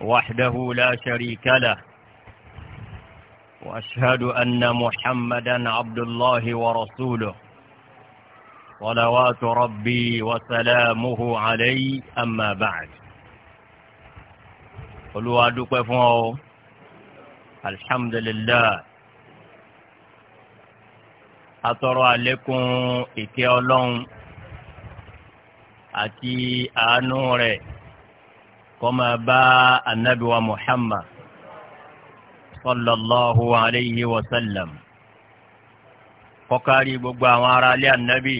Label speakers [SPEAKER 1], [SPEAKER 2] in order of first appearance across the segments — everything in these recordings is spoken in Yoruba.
[SPEAKER 1] وحده لا شريك له وأشهد أن محمدا عبد الله ورسوله صلوات ربي وسلامه علي. أما بعد قلوا أدوك الحمد لله atọrọ لكم ìkẹ́ Ọlọ́run àti kọ́má bá anabi wa muhammad sallallahu alayhi wa sallam kọ́kárí gbogbo àwọn aráalé anabi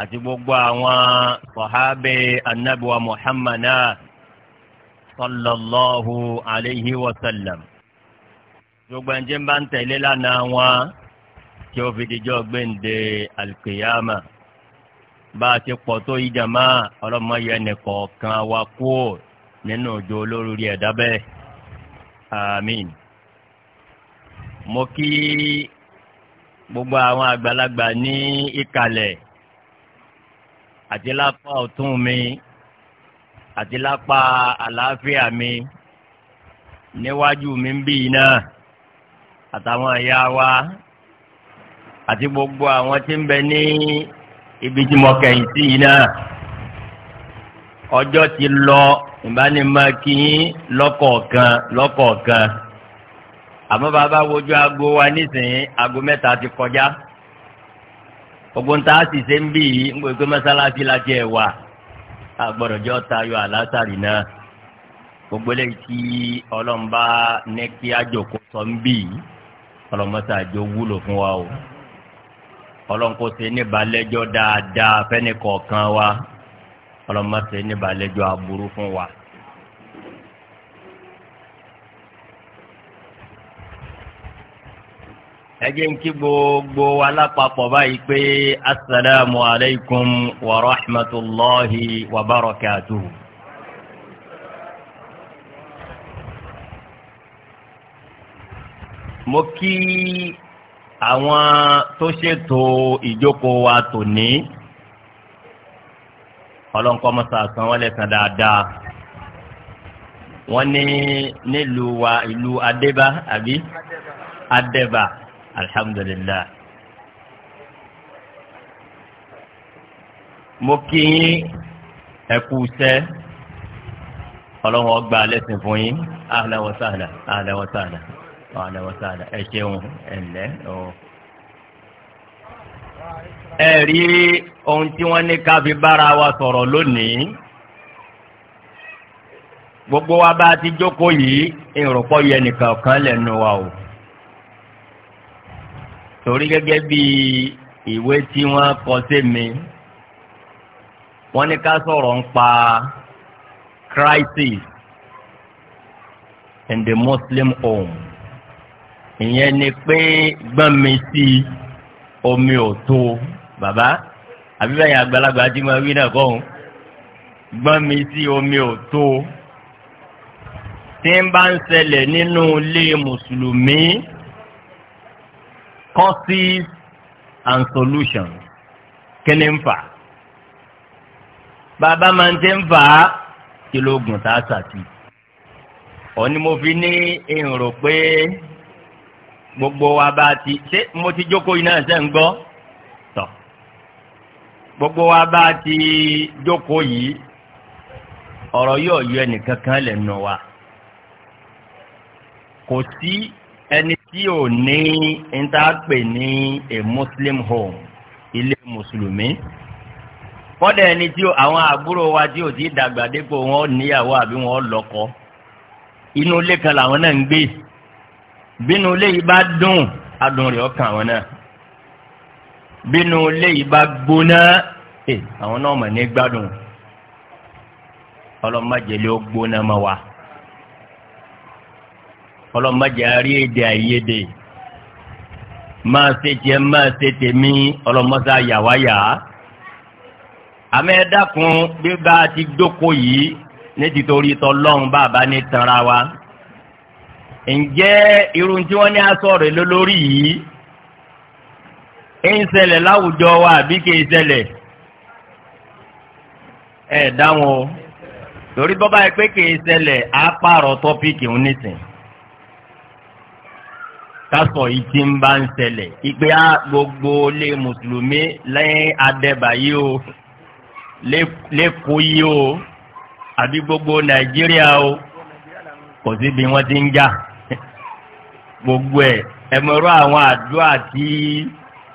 [SPEAKER 1] àti gbogbo àwọn sọ̀hábẹ́ anabi wa muhammad náà sallallahu alayhi wa sallam gbogbo ẹnjẹ bá ń tẹ̀lé lánàá wọn tí ó fi dijọ́ gbẹ̀ǹde alkiyama. Al bá a ti pọ̀ tó yí jàmá ọlọ́mọ yẹn nìkọ̀ọ̀kan wa kú nínú òjò olórí ẹ̀dá bẹ́ẹ̀ àmín. mo kí gbogbo àwọn àgbàlagbà ní ìkàlẹ̀ àti lápá ọ̀tún mi àti lápá àlàáfíà mi níwájú mi ń bí iná àtàwọn ẹ̀yà wa àti gbogbo àwọn tí ń bẹ ní ibi tí mo kẹ̀yìn sí yìí náà ọjọ́ ti lọ ìbánimọ̀ kí yín lọ́kọ̀ọ̀kan lọ́kọ̀ọ̀kan àmọ́ bàbá wojú aago wa nísìnyí aago mẹ́ta ti kọjá gbogbo ń ta sì ṣe ń bì yìí ń gbèsè mọ́sálásí la tiẹ̀ wà agbọ́dọ̀jọ́ tayọ àlásàrì náà gbogbo eléyìí tí ọlọ́mba ní kí ajoko sọ ń bì yìí ọlọ́mọ́sá àjọ wúlò fún wa o. ọlọ́nkó ṣe níbalẹ́jọ́ dáadáa fẹ́ni kọ̀ọ̀kan wa ọlọ́mọ ṣe níbalẹ́jọ́ aburú fún wa. ẹ jẹ́ ń kí gbogbo alápapọ̀ báyìí pé asalaamu alaykum wa rahmatulahi wa barakatuhu. mo kí. àwọn tó ṣètò ìjókòó wa tòní ọlọ́nkọ́mọ́sá san wọ́n lẹ́sàn dáadáa wọ́n ní nílùú wa ìlú adébá àbí adébá alihamudulilayi. mo kí yín ẹkú sẹ́ ọlọ́run ọgbà lẹ́sìn fún yín ahlan wa sahlan ahlan wa sahlan wàhálà wàhálà ẹ ṣeun ẹnlẹ ọ. ẹ rí ohun tí wọ́n ní ká fi bára wa sọ̀rọ̀ lónìí gbogbo wa bá ti jókòó yìí ìrọ̀pọ̀ yẹ nìkan kan lẹ́nu wa o torí gẹ́gẹ́ bí ìwé tí wọ́n kọ sí mi wọ́n ní ká sọ̀rọ̀ ń pa crisis in the Muslim home ìyẹn ni pé gbọ́nmi sí i omi ò tó bàbá àbíbẹ̀yìn àgbàlagbà tí mo wí náà kọ́hún gbọ́nmi sí omi ò tó tí ń bá ń ṣẹlẹ̀ nínú ilé mùsùlùmí causes and solutions kí ni ń fà bàbá máa ń tẹ́ ń fà á kí ló gùn tá a sàtì òní mo fi ní ìrò pé gbogbo wa bá ti ṣé mo ti jókòó iná ẹsẹ̀ ń gbọ́ tọ̀ gbogbo wa bá ti jókòó yìí ọ̀rọ̀ yóò yọ ẹnìkan kan lẹ́nu wa kò sí ẹni tí ò ní ntaapè ní a muslim home ilé mùsùlùmí kọ́dà ẹni tí àwọn àbúrò wa tí ò ti dàgbà dépò wọn níyàwó àbí wọn lọ́kọ inú ilé kan làwọn náà ń gbé bínú ilé yìí bá dùn adùn rẹ̀ ọkàn àwọn náà bínú ilé yìí bá gbóná ẹ àwọn náà mọ̀ ní gbádùn ọlọ́mọdéjẹ́lẹ́ ó gbóná mọ́ wa ọlọ́mọdéjẹ́ arí èdè àìyedè máa ṣe tiẹ̀ máa ṣe tèmi ọlọ́mọdé àyàwáyà àmẹ́ bí bá a ti dóko yìí ní títorí tọ́lọ́run bá a bá ní tanra wa. ǹjẹ́ irun tí wọ́n ní aṣọ rẹ̀ ló yìí ń ṣẹlẹ̀ láwùjọ wa àbí kì í ṣẹlẹ̀ ẹ dáhùn o torí bọ́bá yẹ pé kì í ṣẹlẹ̀ á pààrọ̀ ń ṣẹlẹ̀ á gbogbo lé mùsùlùmí lẹ́yìn adẹ́bà yìí o yìí o àbí gbogbo nàìjíríà o kò sí gbogbo ẹ̀ ẹ̀mọ̀rọ̀ àwọn àdúrà tí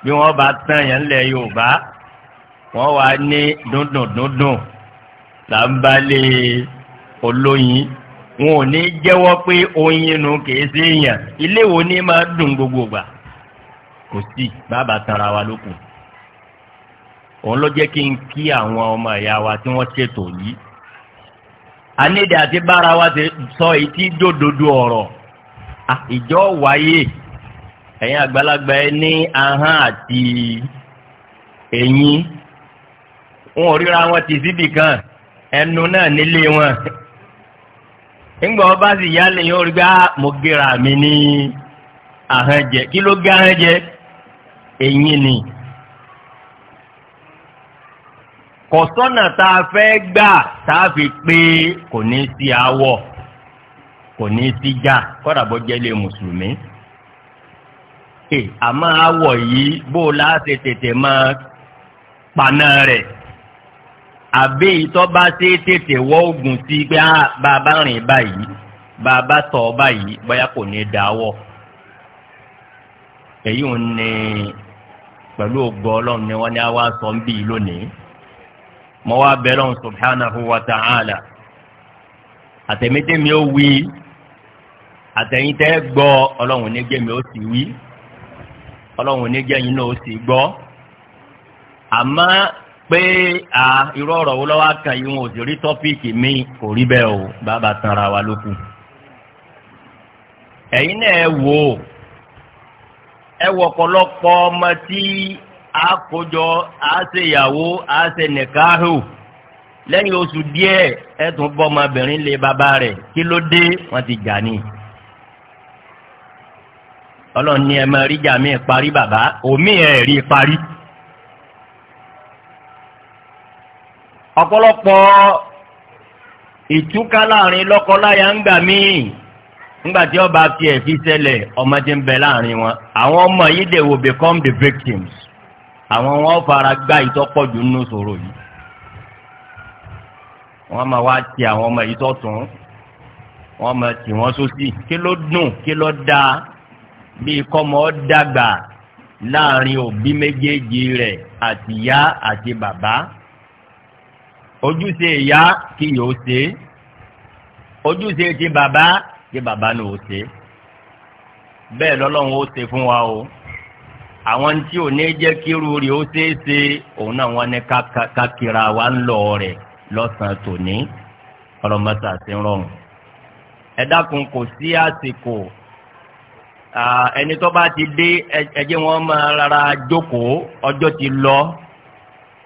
[SPEAKER 1] bí wọ́n bá tán yẹn lẹ̀ Yorùbá wọ́n wá ní dúndùn dúndùn là ń bá lé olóyin wọn ò ní jẹ́wọ́ pé oyin nu kìí sí èèyàn ilé wo ni máa dùn gbogbo gbà kò sí bàbá tanra wa lókun òun ló jẹ́ kí n kí àwọn ọmọ ìyá wa tí wọ́n ṣètò yìí anídàá ti bára wa ti sọ èyí dòdòdó ọ̀rọ̀. Ah, ìjọ wáyé ẹ̀yin àgbàlagbà ẹ ní ahọ́n àti eyín wọn ò ríra wọn ti síbì kan ẹnu náà nílé wọn ńgbà wọn bá sì yá lẹ́yìn orí gbá mo gbéra mi ní ahọ́n jẹ kí ló gbé ahọ́n jẹ eyín ni. kọ̀sọ́nà tá a fẹ́ gbà tá a fi pé kò ní sí awọ. Si kò ní í síjà kọ́dà bó jẹ́ lé mùsùlùmí. àmọ́ àwọ̀ yìí bó o la ṣe tètè máa paná rẹ̀ àbí ìtọ́ bá ṣe tètè wọ́ oògùn sí pé ah, bàbá rìn báyìí bàbá tọ̀ báyìí bóyá kò ní í dáwọ́. èyí ò ní pẹ̀lú ògbó ọlọ́run ni wọ́n ní àwa sọ ń bí lónìí mo wá bẹ̀ lọ́hùn subhanahu wa ta'ala àtẹ̀mẹ́tẹ̀mí ó wí àtẹ̀yìn tẹ́ gbọ́ ọlọ́run oníjẹ́mi ó sì wí ọlọ́run oníjẹ́yìn náà ó sì gbọ́ àmọ́ pé a irú ọ̀rọ̀ wo lọ́wọ́ kan yìí wọn ò sì rí tọ́píìkì mi kò rí bẹ́ẹ̀ o bàbá tanra wa ló kù. ẹ̀yin náà ẹ wò ó ẹ wọ ọ̀pọ̀lọpọ̀ ọmọ tí a kójọ a ṣe ìyàwó a ṣe nìkaahù lẹ́yìn oṣù díẹ̀ ẹ tún bọ́ ọmọbìnrin lé bàbá rẹ̀ kí ló dé wọ́n ti jà ní ọlọ́run ní ẹ máa rí jà mí parí bàbá omi ẹ̀ rí parí. ọ̀pọ̀lọpọ̀ ìtúká láàrin lọ́kọ-láya ń gbà mí ńgbà tí ọba fi ẹ̀fí ṣẹlẹ̀ ọmọdé ń bẹ láàrin wọn àwọn ọmọ yìí they will become the victims àwọn wọn fara gbá ìtọ́pọ̀jù nínú sòrò yìí wọ́n máa wá ti àwọn ọmọ yìí tọ̀tún wọ́n máa tì wọ́n sósì kí ló dùn kí ló dáa bíi kọ́mọ dàgbà láàrin òbí méjèèjì rẹ̀ àti ìyá àti bàbá ojúṣe ìyá kí yóò ṣe ojúṣe ti bàbá kí bàbá náà ó ṣe bẹ́ẹ̀ lọ́lọ́run ó ṣe fún wa o àwọn tí ò ní jẹ́ kíru rẹ̀ ó ṣeé ṣe òun náà wọ́n ní kákìra wa ń lọ rẹ̀ lọ́sàn-án tòní ọlọ́mọta sí rọrùn ẹ kò sí àsìkò ẹni tó bá ti dé ẹjẹ wọn máa rárá jókòó ọjọ́ ti lọ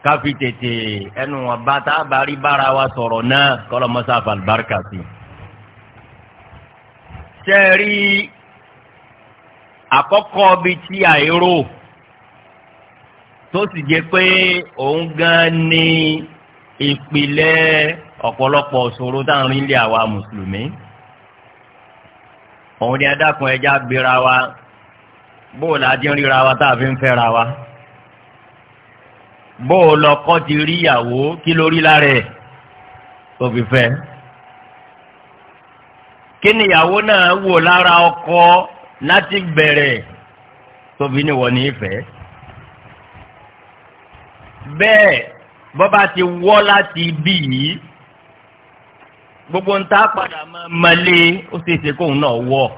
[SPEAKER 1] ká fi tètè ẹnu wọn bá tá a bá rí bára wa sọ̀rọ̀ náà kọ́lọ́ mọ́sá àfàlùbáríkà sí. ṣe rí àkọ́kọ́ bíi tí àìró tó sì jẹ́ pé òun gan ni ìpìlẹ̀ ọ̀pọ̀lọpọ̀ ṣòro táwọn ilé àwa mùsùlùmí òun ni adákun ẹja gbéra wa bóò láti ríra wa tá a fi ń fẹ́ra wa bóò lọkọ ti rí ìyàwó kí ló rí lára ẹ̀ tó fi fẹ́ kí ni ìyàwó náà wò lára ọkọ láti bẹ̀rẹ̀ tó fi níwọ̀ ní ìfẹ́ bẹ́ẹ̀ bọ́ba ti wọ́ láti ibí yìí gbogbo ń tá padà mọ́lé ó sì ṣe kóun náà wọ̀.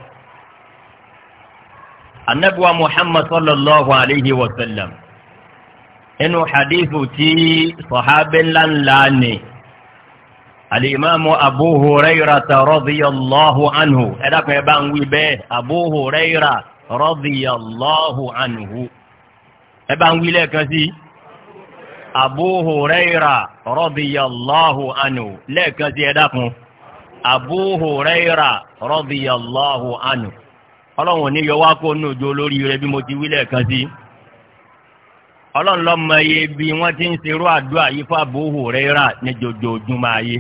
[SPEAKER 1] anabiwa muhammad sallallahu alayhi wa sallam inú hadithu tí sahabi ńláńlá ni alimami abu huraira ta radiyallahu anhu ẹ dákun ẹ bá ń wí bẹ́ẹ̀ abu huraira radiyallahu anhu ẹ bá ń wí lẹ́ẹ̀kan sí i. abu huraira radiyallahu anhu lẹ́ẹ̀kan sí ẹ̀dá kun abu huraira ọlọ́run ní yọwá kó nù rẹ mo ti wí lẹ́ẹ̀kan sí ọlọ́run lọ́mọ bí ti ń serú àdúrà yìí fún abu huraira ní jojoojúmọ́ ayé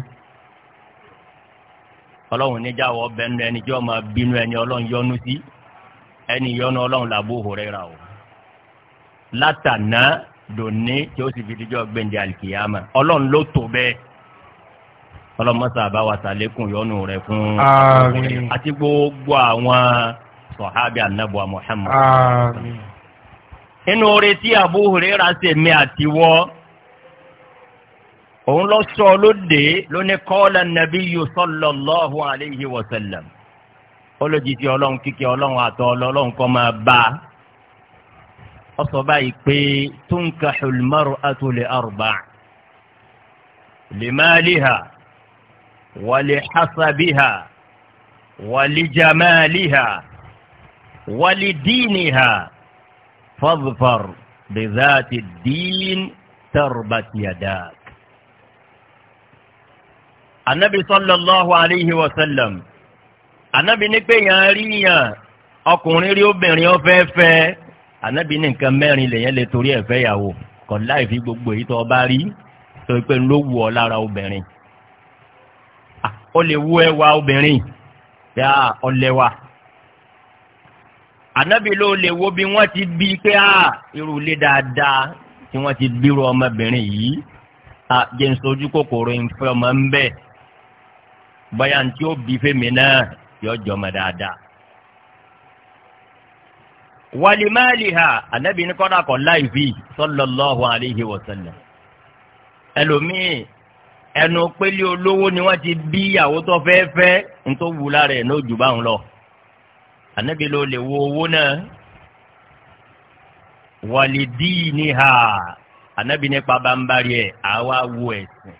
[SPEAKER 1] ọlọ́run níjà wọ ẹni tí wọ́n máa bínú ẹni ọlọ́run yọ́nú sí ẹni yọ́nú ọlọ́run làbú huraira o dòní tí ó sì fi dijọ́ gbẹ̀ǹdẹ̀ àlìkìyàmà ọlọ́run ló tó bẹ́ẹ̀ ọlọ́mọsà àbáwá sàlékún yọnu rẹ̀ fún àti gbogbo àwọn sọ̀hábì anábọ̀ Muhammad. inú oore tí Abu Hurairah ṣe mi àti wọ́ òun lọ sọ lóde lóní kọ́ọ̀lá nabiyyu sallallahu alayhi wa sallam olójijì ọlọ́run kíkẹ́ ọlọ́run àtọ́ ọlọ́run kọ́ máa bá a ọsọ báyìí pé tunkahul mar'atu li arba' li maliha wa li hasabiha wa li jamaliha wa li diniha fadfar bi dhati ddin tarbat yadak. Anabi sallallahu alayhi wa sallam. Anabi ní pé yàn yàn ọkùnrin rí obìnrin ó fẹ́ fẹ́ ànábì ní nǹkan mẹ́rin lèyẹn lè torí ẹ̀fẹ́ yàwó kò láì fi gbogbo èyí tó o bá rí tó o pé ń ló wù ọ lára obìnrin ó lè wú ẹwà obìnrin bí a ọlẹ́wà ànábì ló lè wo bí wọ́n ti bí pé a irú ilé dáadáa tí wọ́n ti bírò ọmọbìnrin yìí a jẹ́ ń sojú kòkòrò ìfẹ́ ọmọ ń bẹ̀ báyà ní tí ó bí fèmí náà yọjọ́ ọmọ dáadáa wàlímáàlìhà ànábì ní kọ́dà kọ́ láìpì sallallahu alayhi wa sallam ẹlòmíì ẹnu pélé olówó ni wọ́n ti bí ìyàwó tó fẹ́ fẹ́ nítorí wù lára ẹ̀ náà jù bá ń lọ ànábì ló lè wo owó náà wàlídìíníhà ànábì nípa bámbárí ẹ̀ àwa wo ẹ̀sìn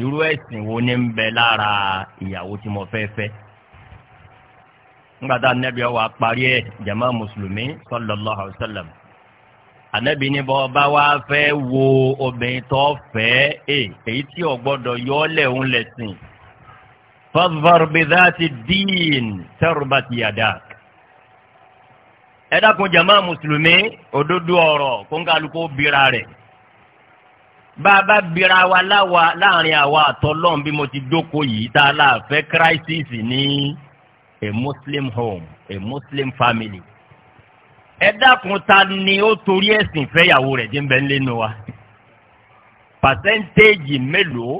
[SPEAKER 1] irú ẹ̀sìn wo ni ń bẹ lára ìyàwó tí mo fẹ́ fẹ́ ngbàtà anabi ọwọ àparí ẹ jama mùsùlùmí sallallahu alayhi wa sallam anabi ní bọ́ bá wá fẹ́ wo obìnrin tó fẹ́ ẹ èyí tí o gbọ́dọ̀ yọ ọ́ lẹ̀ ń lẹ̀sìn fadhfar bi dhati diin tarbat yadak ẹ dákun jama mùsùlùmí òdodo ọ̀rọ̀ kó ń kálukó bira rẹ̀ bàbá bira wa láwa láàrin àwa àtọ́lọ́n bí mo ti dóko yìí tá a láàfẹ́ kíráísìsì ní a muslim home a muslim family ẹ dákun ta ni ó torí ẹ̀sìn fẹ́yàwó rẹ̀ dín bẹ́ẹ̀ lẹ́nu wa pàṣẹ́ntéèjì mélòó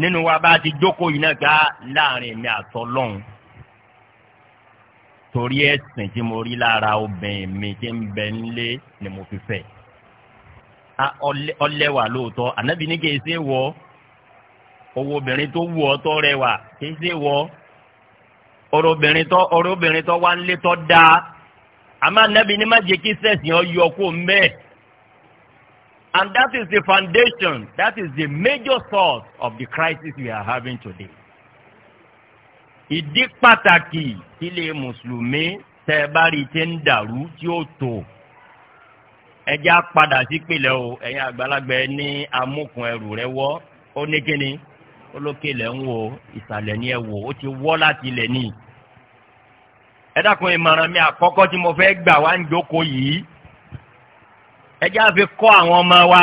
[SPEAKER 1] nínú wa bá ti jókòó yìí náà gá láàrin mi àtọ́lọ́hún torí ẹ̀sìn tí mo rí lára obìnrin mi tí ń bẹ nílé ni mo fi fẹ́ ọlẹ́wà lóòótọ́ ànábì ní kí n ṣe wọ owó obìnrin tó wù ọ́ tọ́ rẹwà kí n ṣe wọ́ ọ̀rọ̀ obìnrin tó ọ̀rọ̀ obìnrin tó wá ń lé tó dáa àmọ́ anábì ní má jẹ́ kí sẹ́sìn ọyọ kó mẹ́ẹ̀. And that is the foundation, that is the major source of the crisis we are having today. Ìdí pàtàkì tí ilé Mùsùlùmí tẹ́ ẹ bá rí ti ń dàrú tí ó tò ẹ já padà sí pìlẹ̀ o ẹ̀yin àgbàlagbà ẹ ní amúkùn ẹrù rẹ wọ́ ó ní kíni olókè lẹ̀ ń wo ìsàlẹ̀ ni ẹ wò ó ti wọ́ láti ilẹ̀ ni. ẹ dákun ìmọ̀ràn mi àkọ́kọ́ tí mo fẹ́ gbà wá ń jókòó yìí ẹ já fi kọ́ àwọn ọmọ wa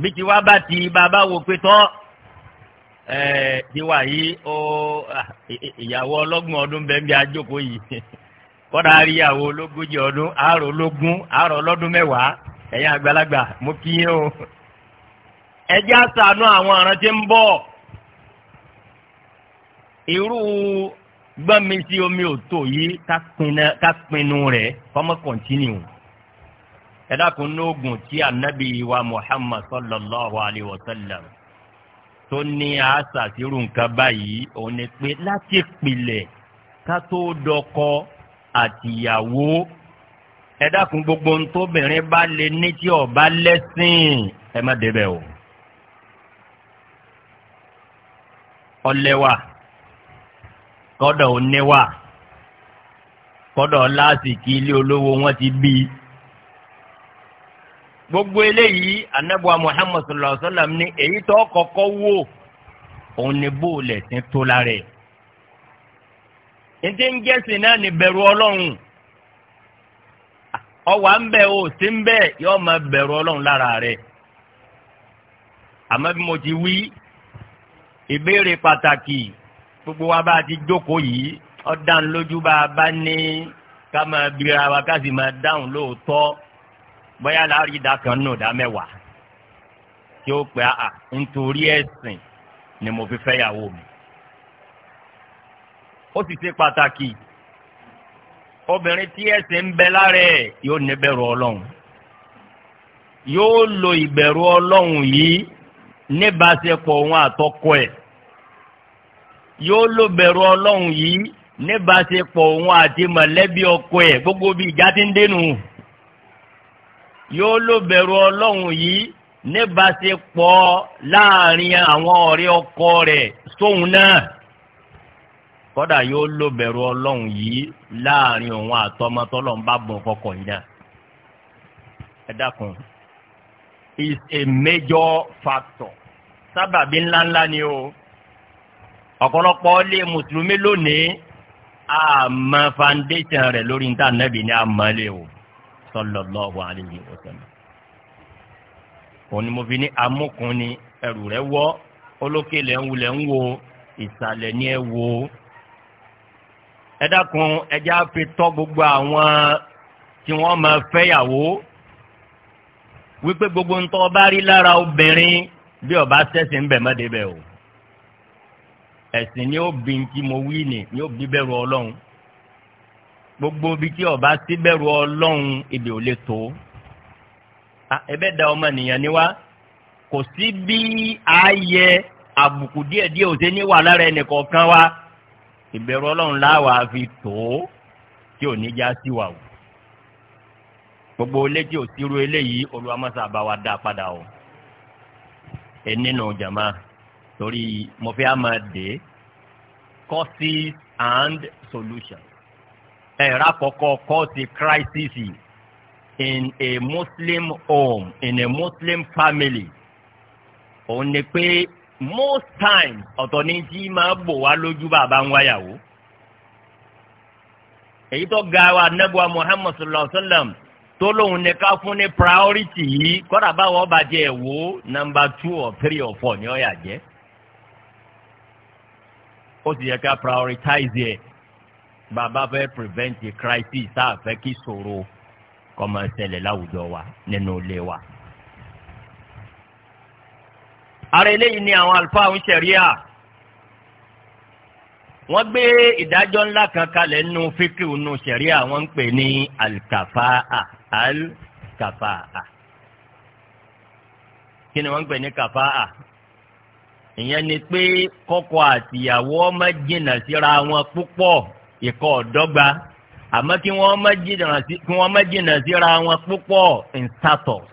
[SPEAKER 1] bí tiwa bá ti bàbá wo pé tán ẹ tiwa yìí ó ìyàwó ọlọ́gbọ̀n ọdún bẹ́ẹ̀ bí a jókòó yìí kọ́dà àríyàwó ológójì ọdún àárò ológún àárò ọlọ́dún mẹ́wàá ẹ̀yin àgbàlagbà mo kí yín o. ẹjẹ́ àṣàánú àwọn ọ̀ràn aran ń bọ̀ irú gbọ́nmi sí omi òtò yìí o pinnu rẹ̀ kọ́mọ́ kọ̀ntínìù ẹ tí anabi wa muhammad sallallahu alayhi wa sallam tó ní àṣà sírù nǹkan báyìí òun ni pé láti pilẹ̀ dọkọ àtìyàwó ẹ gbogbo ntòbìnrin bá lè ní tí o. ọlẹ́wà kọ́dọ̀ oníwà kọ́dọ̀ lásìkí ilé olówó wọn ti bí gbogbo eléyìí anabuwa muhammad sallallahu alaihi wa sallam ní èyí tó kọ́kọ́ wò òun ni bóòlù ẹ̀sìn tó lára ẹ̀. ǹjẹ́ ń jẹ́sìn náà ní bẹ̀rù ọlọ́run ọwà ń o sí ń bẹ̀rù ọlọ́run ìbéèrè pàtàkì gbogbo wa bá ti jókòó yìí ọ̀dàn lójú bá a bá ní ká máa bira wa ká sì máa dáhùn lóòótọ́ bóyá láàrin ìdá kan nù dá mẹ́wàá tí ó pẹ́ à nítorí ẹ̀sìn ni mo fi fẹ́yàwó mi. ó sì ṣe pàtàkì obìnrin tí ẹ̀sìn ń bẹ lára ẹ̀ yóò níbẹ̀rù ọlọ́run yóò lo ìbẹ̀rù ọlọ́run yìí níbaṣepọ̀ òun àtọkọ ẹ̀ yóò lò bẹ̀rù ọlọ́run yìí níbaṣepọ̀ òun àti mọ̀lẹ́bí ọkọ ẹ̀ gbogbo bí ìjà ń dénú yóò lò bẹ̀rù ọlọ́run yìí níbaṣepọ̀ láàrin àwọn ọ̀rẹ́ ọkọ rẹ̀ sóun náà kódà yóò lò bẹ̀rù ọlọ́run yìí láàrin òun àtọmọtọ́lọ́ ń bá bọ̀ fọkọ̀ yìí náà ẹ dákun is a major factor sábàbí ńláńlá ni o ọ̀pọ̀lọpọ̀ lé mùsùlùmí lónìí àmọ́ foundation rẹ̀ lórí níta nẹ́bí ni àmọ́ o sallallahu alayhi wa sallam. òun ni mo fi ní amúkun ni ẹrù rẹ̀ wọ́ olókèlè ń wulẹ̀ ń wo ìsàlẹ̀ ni ẹ wo. ẹ dákun ẹjẹ́ á fi tọ́ gbogbo àwọn tí wọ́n máa fẹ́yàwó wípé gbogbo ń tọ́ bá rí lára obìnrin bí ọba sẹ́sìn ń bẹ̀ mọ́débẹ̀ o ẹ̀sìn ni ó bí tí mo wí ni ni ó bí bẹ̀rù ọlọ́run gbogbo bí tí ọba sí bẹ̀rù ọlọ́run ibi ò lè tó ẹbẹ da ọmọ nìyẹn ni wá kò sí bí ààyè àbùkù díẹ̀ díẹ̀ ò ṣe ní wà lára ẹnìkọ̀ọ̀kan wa ìbẹ̀rù ọlọ́run láwa fi tó tí ò ní já sí wa o gbogbo ilé tí ò sírú eléyìí olùwàmọ́sà bá wa dá padà o ẹ nínú jàmáà torí mo fẹ́ máa dé causes and solutions ẹ̀rọ àkọ́kọ́ cause crisis in a muslim home in a muslim family òun ni pé most times ọ̀tọ̀ ni tí máa bò wá lójú bàbá ń wáyàwó èyí tó ga wa anabiwa muhammad sallallahu alaihi wa sallam tó lóun ní ká fún ní priority yìí kọ́dà báwọn ọba jẹ́ ẹ̀wò nọmba two or three or four ni ó yà jẹ́ ó sì yẹ ká prioritize ẹ̀ bàbá fẹ́ prevent the crisis tá a fẹ́ kí ṣòro kó máa ṣẹlẹ̀ láwùjọ wa nínú ilé wa. ara eléyìí ni àwọn àlùfáà ń ṣẹ̀ríà wọ́n gbé ìdájọ́ ńlá kan kalẹ̀ nínú fíkìrì nínú ṣẹ̀ríà wọ́n ń pè ní alkafa'a alkafa'a kí ni wọ́n ń pè ní kafa'a ìyẹn ni pé kọ́kọ àtìyàwó ọmọ jìnnà síra wọn púpọ̀ ìkọ́ ọ̀dọ́gba àmọ́ kí wọ́n má jìnnà síra wọn púpọ̀ in status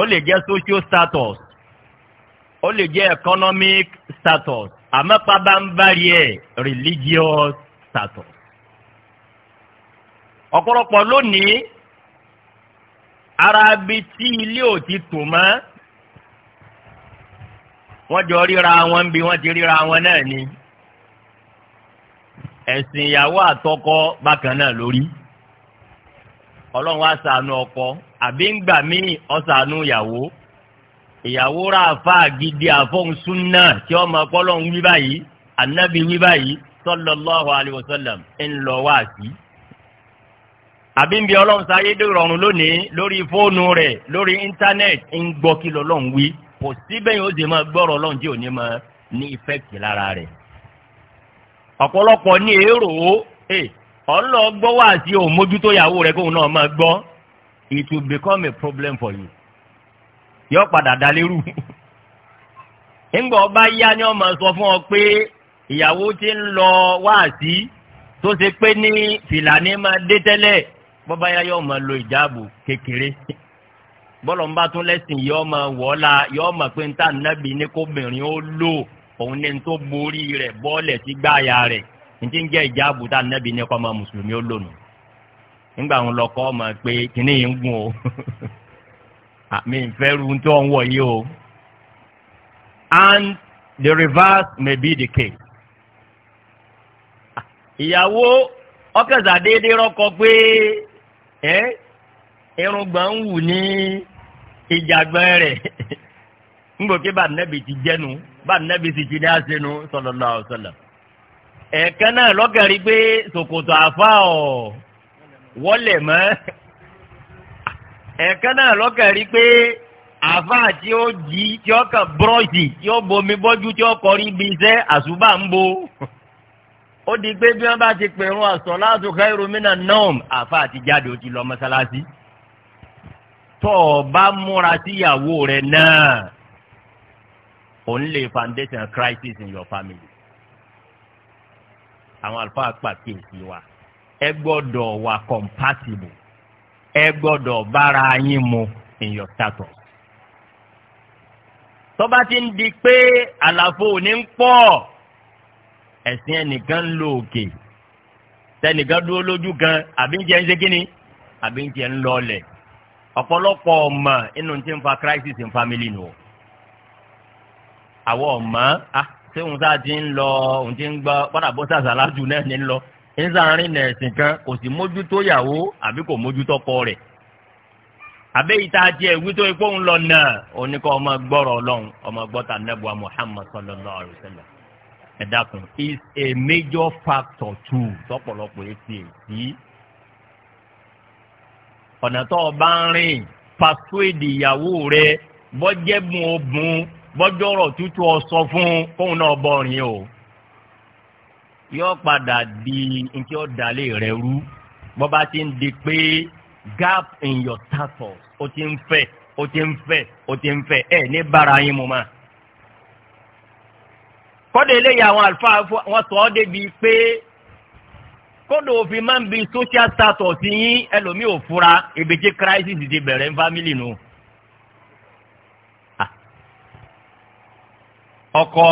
[SPEAKER 1] ó lè jẹ́ social status ó lè jẹ́ economic status àmọ́ pabambari ẹ̀ religious status ọ̀pọ̀lọpọ̀ lónìí ara bi tí ilé ò ti tò mọ́ wọ́n jọ ríra wọn bí wọ́n ti ríra wọn náà ni ẹ̀sìn ìyàwó àtọkọ bákan náà lórí ọlọ́run wá ṣàánú ọkọ àbí ńgbà míì ọ̀ṣàánú ìyàwó ìyàwó ra àfa gidi àfọ̀hún súnà tí ọmọ ọpọlọ́run wí báyìí ànábì wí báyìí sallallahu alayhi wa sallam ńlọ wá sí. àbí ń bí ọlọ́run sáyé dé rọrùn lónìí lórí fóònù rẹ̀ lórí íńtánẹ́ẹ̀tì ń gbọ́ kí lọ́lọ́run wí kò síbẹ̀ yóò ṣe máa gbọ́rọ̀ ọlọ́run tí ò ní máa ní effect lára rẹ̀ ọ̀pọ̀lọpọ̀ ní èrò eh, ọ̀nlọ gbọ́ wá sí òun mójútó ìyàwó rẹ̀ kóun become a problem for you yọ padà dalérú ọba yá ni ọmọ sọ fún ọ pé ìyàwó ti ń lọ wá sí tó ṣe pé ní fìlà ní máa dé tẹ́lẹ̀ bọ́bá yá yọ bọ́lọ̀ ń bá tún lẹ́sìn yọ ọmọ wọ́ọ́lá yọ ọmọ pé ń tà nábì ní kóbìnrin ó lò òun ní tó borí rẹ̀ bọ́ọ̀lẹ̀ sí gbáàyà rẹ̀ ní ti ń jẹ́ ìjáàbù tà nábì ní kọ́mọ mùsùlùmí ó lònà nígbà wọn lọkọ ọmọ pé kínní yìí ń gùn o àmì ah, ìfẹ́rù tó ń wọ̀ yìí o and the reverse may be the case. Ah, ìyàwó ọkẹ́sà déédéé rọ́kọ pé ẹ́. Eh? irungba ń wù ní ìjàgbọ́n rẹ̀ ngbòkè bá nẹ́bi ti jẹ́nu bá nẹ́bi sì ti dá sínú sallallahu alaihi wasallam. ẹ̀ẹ̀kan náà lọ́kàn rí pé ṣòkòtò àfa ọ̀ wọlé mọ́ ẹ̀ẹ̀kan náà lọ́kàn pé àfa tí ó jí tí ó kàn búrọ́ọ̀sì tí ó bomi bọ́jú tí ó kọrí ibi iṣẹ́ àṣùbà ń bo ó di pé bí wọ́n bá ti pèrún as-salatu khairu minan nawm àfa àti jáde ó ti lọ mọ́sálásí tó o bá múra síyàwó rẹ náà òun lè foundation crisis in your family àwọn àlùfáà pàkíyèsí wa ẹ gbọ́dọ̀ wà compatible ẹ gbọ́dọ̀ bára yín mu in your status tọ́ba ti ń di pé àlàfo ò ní ń pọ̀ ẹ̀sìn ẹnìkan ń lo òkè tẹnìkan dúró lójú kan àbí ń jẹ́ ń ṣe kínni àbí ń jẹ́ ń lọ ọlẹ̀ ọ̀pọ̀lọpọ̀ ọ̀mà inú ti ń fa crisis in family nù. àwọn ọ̀mà á ah, ṣé òun sáà ti ń lọ òun ti ń gbọ́ padà bọ́ sàṣà lájú náà ní lọ ńsàárín nẹ̀ẹ̀sìn kan kò sì mójútó yàwó àbí kò mójútó kọ rẹ̀ àbẹ́ ìta jẹ́ ìwí tó ikú ń lọ náà oníkọ́ ọmọ gbọ́rọ̀ ọlọ́run ọmọ gbọ́ta nẹ́bùa Muhammad sallallahu alayhi wa sallam is a major factor too tọ́pọ̀lọpọ̀ etí èyí ọ̀nà tó o bá ń rìn persuade ìyàwó rẹ bọ́jẹ́bùn obùn bọ́jọ́rọ̀ tútù ọ̀sọ fún kóun náà bọ̀rìn o yóò padà di nkí ó dalẹ̀ rẹ rú bọ́ bá ti ń di pé gap in your status ó ti ń fẹ̀ ó ti ń fẹ́ ó ti ń fẹ́ ẹ ní bára yín mu ma. kọ́dé eléyìí àwọn àlùfáà wọn sọ ọ́ débi pé kódò òfin máa ń bi social status yín ẹlòmíì ò fura ìbejì crisis ti bẹ̀rẹ̀ ń family nù. Ah. ọkọ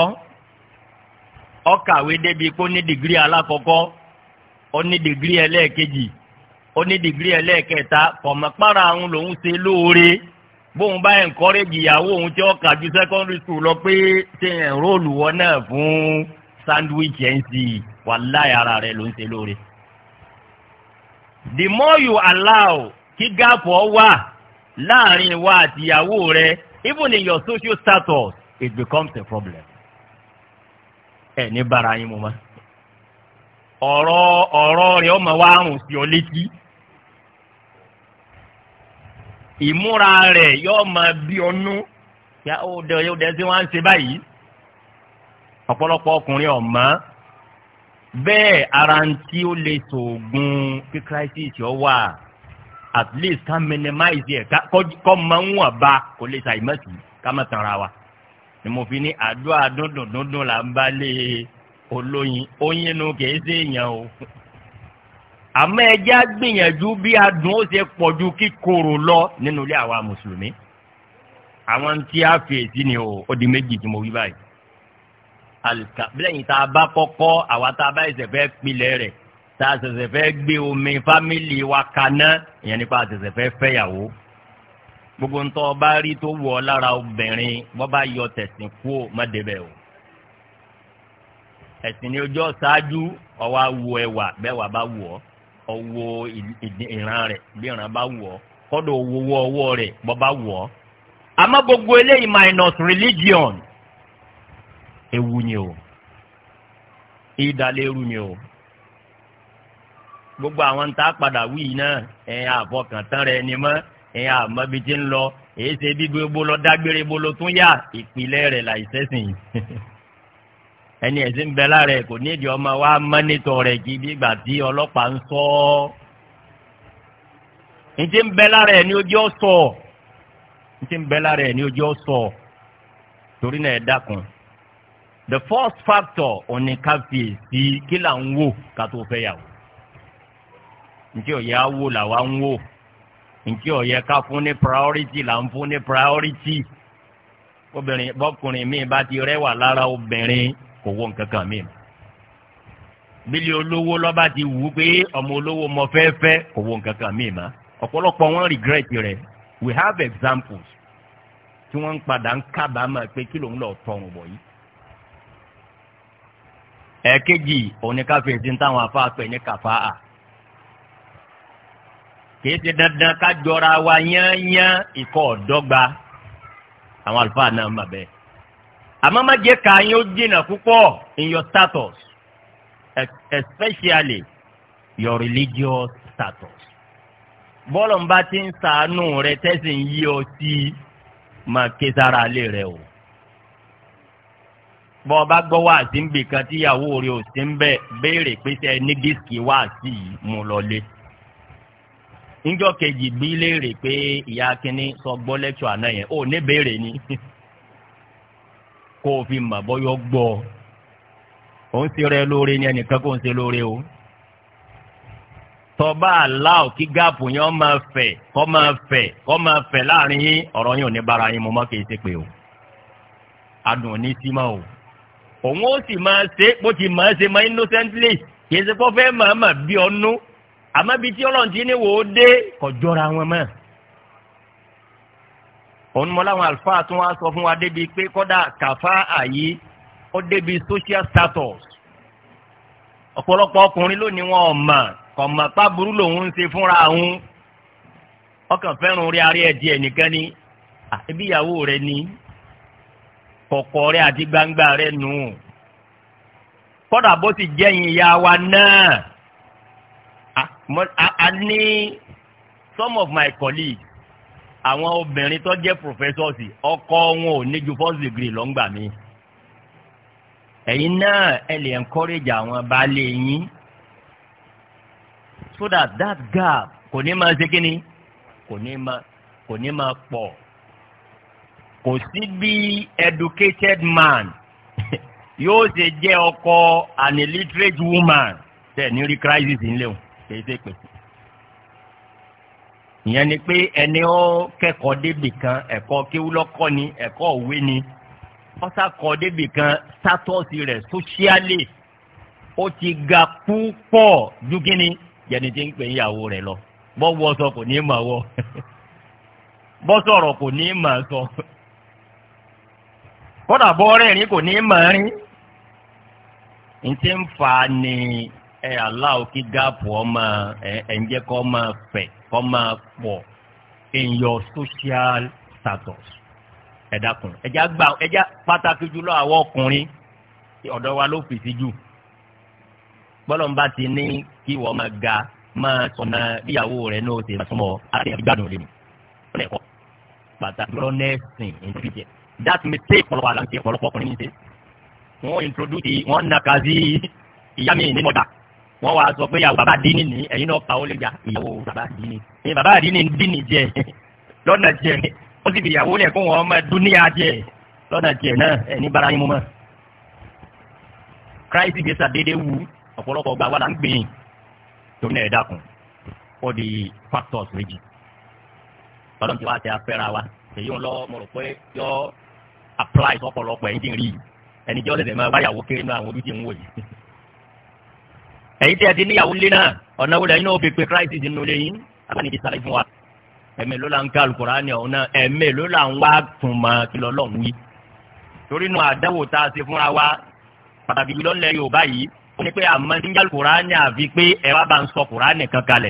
[SPEAKER 1] ọkàwé débi kó ní dìgírí alákọ̀ọ́kọ́ ó ní dìgírí ẹlẹ́ẹ̀kejì ó ní dìgírí ẹlẹ́ẹ̀kẹta kọ̀mọ̀pára àwọn lòún ṣe lóore bóun bá encourage ìyàwó òun tí ó kà ju secondary school lọ pé ṣe ẹ̀rọ olùwọ́ náà fún sandwich ẹ̀ ń sì wàláyà ara rẹ̀ ló ń ṣe lóore the more you allow kí gáàpù ọ wà láàrin ìwà àti ìyàwó rẹ even in your social status it becomes a problem. ẹ ní bára yín mu ma ọ̀rọ̀ ọ̀rọ̀ rẹ̀ ọmọ wa rùn sí ọ létí ìmúra rẹ̀ yóò máa bí ọnú yóò dẹ̀ sí wọn ṣe báyìí ọ̀pọ̀lọpọ̀ ọkùnrin ọ̀mọ́ bẹ́ẹ̀ ara ń tí ó lè sòògùn kí crisis ọ wà at least ká minimize ẹ̀ kọ́ máa ń wọ̀n ba kò lè ṣàìmọ̀sí ká má tanra wa ni mo fi ní àdúrà dúndùn dúndùn là ń bá lé olóyin oyin nu kìí ṣe èèyàn o àmọ́ ẹjẹ́ á gbìyànjú bí adùn ó ṣe pọ̀ ju kíkorò lọ nínú ilé àwa mùsùlùmí àwọn tí a fèsì ni o ó di méjì tí mo wí báyìí àlùkà lẹ́yìn tá a bá kọ́kọ́ àwa tá a bá ẹsẹ̀ fẹ́ pilẹ̀ rẹ̀ tá a ṣẹ̀ṣẹ̀ fẹ́ gbé omi fámìlì wa kaná ìyẹn nípa àṣẹ̀ṣẹ̀ fẹ́ fẹ́yàwó gbogbo ń tọ́ bá rí tó wọ̀ lára obìnrin bọ́ bá yọ tẹ̀sìn kú ò má débẹ̀ o ẹ̀sìn ni ojú ọ̀ṣáájú ọwọ́ awo ẹwà bẹ́ẹ̀ wà bá wọ̀ ọwọ́ ìran rẹ̀ bí ìran bá wọ̀ kọ́dọ̀ owó ọwọ́ rẹ̀ bọ́ bá wọ̀ àmọ́ gbogbo eléyìí minus religion ewu ni o ìdálérú ni o gbogbo àwọn tá a padà wí náà ẹ̀yìn àfọkàntán rẹ̀ ni mọ́ ẹ̀yìn àmọ́bi ti ń lọ èyí ṣe bí gbogbo lọ dágbére bolo tún yá ìpìlẹ̀ rẹ̀ láìsẹ́sìn ẹni ẹ̀sìn ń bẹ lára ẹ̀ kò nídìí ọmọ wa mọ́nítọ̀ rẹ̀ kí bí ìgbà tí ọlọ́pàá ń sọ ọ́ ntí ń bẹ lára ẹ̀ ní ojú ọ̀sọ̀ ntí ń bẹ lára ẹ̀ ní ojú ọ̀sọ̀ torí náà ẹ̀ dákun the first factor òní ká fi èsì kí là ń wò ká tó fẹ́ yàwó ntí ọ̀yẹ́ á wò làwa ń wò ntí ọ̀yẹ́ ká fún ní priority là ń fún ní priority obìnrin bọ́kùnrin míì bá ti rẹwà lára obìnrin kò wọ nǹkan kan míì bílí olówó lọ́ba ti wù ú pé ọmọ olówó mọ fẹ́ẹ́fẹ́ kò wọ nǹkan kan míì ọ̀pọ̀lọpọ̀ wọn regret rẹ̀ we have examples tí wọ́n ń padà ń kábàámọ̀ pé kí lòun lọ tọrùn bọ̀ yìí ẹ̀ẹ́kejì òun ni ká fèsì ní táwọn afá pè ní kàfá à kìí ṣe dandan ká jọra wa yányán ikọ̀ ọ̀dọ́gba àwọn àlùfáà náà mà bẹ́ẹ̀ àmọ́ má jẹ́ ká yín ó jìnnà púpọ̀ in your status especially your religious status bọ́ọ̀lù ń bá ti ń sàánú rẹ tẹ́sí ń yí ọ sí máa ké sára ilé rẹ o. bọ́ ọba gbọ́ wáàsí ń bì kan tí ìyàwó rẹ̀ ò sí ń bẹ̀ béèrè pé ṣe ní dísìkì wáàsí mú kejì bí léèrè pé ìyá kínní sọ gbọ́ àná yẹn ò ní béèrè ni kó o fi mà bọ́yọ́ gbọ́ ọ. ń lóore ni ẹnìkan o. tọ́ba aláwọ̀ kí gáàpù yẹn fẹ̀ fẹ̀ láàrin yín ọ̀rọ̀ yín ò ní bára yín o. adùn ò òun ó sì máa ṣe bó ti máa ṣe máa innocently kì í ṣe kó fẹ́ máa mà bí ọnú àmọ́ bí tí ọlọ́run ti ní wò ó dé kò jọra wọn mọ́ òun mọ láwọn àlùfáà tún wá sọ fún wa débi pé kódà kàfá àyè ó débi social status ọ̀pọ̀lọpọ̀ ọkùnrin lónìí wọn ò mọ̀ kò mọ̀ pa burú lòun ń ṣe fúnra òun ọkàn fẹ́ràn orí ara ẹ̀ díẹ̀ nìkan ni àbí ìyàwó ni kọ̀kọ̀ rẹ àti gbangba rẹ nù kọ́dà bó ti jẹ́yìn ìyá wa náà a ní some of my colleagues àwọn obìnrin tó jẹ́ professors ọkọ wọn ò ní ju first degree lọ ń gbà mí ẹ̀yin náà ẹ lè encourage àwọn baálé yín so that that gap kò ní máa ṣe kí ni kò ní máa kò ní máa pọ̀ kò sí bí educated man yóò ṣe jẹ́ ọkọ an illiterate woman tẹ̀ ní rí crisis ńlẹ̀ o ṣe é ṣe pé. ìyẹn ni pé ẹni ó kẹ́kọ̀ọ́ débì kan ẹ̀kọ́ kéwúlọ́kọ́ ni ẹ̀kọ́ òwe ni ọ́sàkọ́ débì kan status rẹ̀ socially ó ti ga púpọ̀ ju kíni jẹni tí ń pè ìyàwó rẹ̀ lọ bọ́ wọ́ sọ kò ní í mà wọ́ bọ́ sọ̀rọ̀ kò ní í mà sọ. kódà bọ́ rẹ́rìn kò ní mọ̀ rín n ti ń fa ni ẹ aláwo kí gáàpù ọmọ ẹ ń jẹ́ kọ́ máa fẹ̀ kọ́ máa pọ̀ in your social status ẹ dákun ẹja gbà ẹja pàtàkì jùlọ àwọn ọkùnrin ọ̀dọ̀ wa ló fèsì jù gbọ́dọ̀ bá ti ní kí wọ́n máa ga máa sọ̀nà ìyàwó rẹ̀ náà ṣe máa súnmọ́ àti ìgbàdùn rẹ̀ mọ́ ọ̀lẹ́kọ̀ọ́ pàtàkì lọ́nẹ́sìn ìfìjẹ́ that mistake ọ̀pọ̀lọpọ̀ àlàǹtì ọ̀pọ̀lọpọ̀ ọkùnrin nìyí ṣe wọ́n introduce wọ́n nàka sí ìyá mi ní mọ̀dà wọ́n wá sọ pé àwọn bàbá dín ní ẹ̀yin náà pa ó lè gbà ìyàwó bàbá dín ní ní bàbá dín ní dín ní jẹ lọ́nà jẹ ó sì fi ìyàwó lẹ̀ kó wọn máa dúníyà jẹ lọ́nà jẹ náà ẹni bára yín mú mọ́. Christ gbèsè àdédé wu ọ̀pọ̀lọpọ̀ ọgbà wà là ń gbìn torí náà ẹ̀ dákun ó di factors méjì ọlọ́run ti wá ti afẹ́ra wa èyí ń lọ mo rò pé yọ apply sọ́pọ̀lọpọ̀ ẹ̀yin tí ń rí ẹni jẹ́ ọ̀sẹ̀ máa báyàwó kéré náà àwọn ojú tí ń wò yìí. ẹ̀yin tí ẹ ti níyàwó lé náà ọ̀nà wo lẹ́yìn náà fi pe crisis nínú lé yín akáni ti sáré fún wa. ẹ̀mẹ́ ló la ń ká alukurani ọ̀hún náà ẹ̀mẹ́ ló la ń wá tùmọ̀ kí lọ́lọ́run wí. torí nu àdáwò tá a ṣe fúnra wa pàtàkì jùlọ ńlẹ̀ Yorùbá yìí ó ní pé àmọ́ ní ń sọ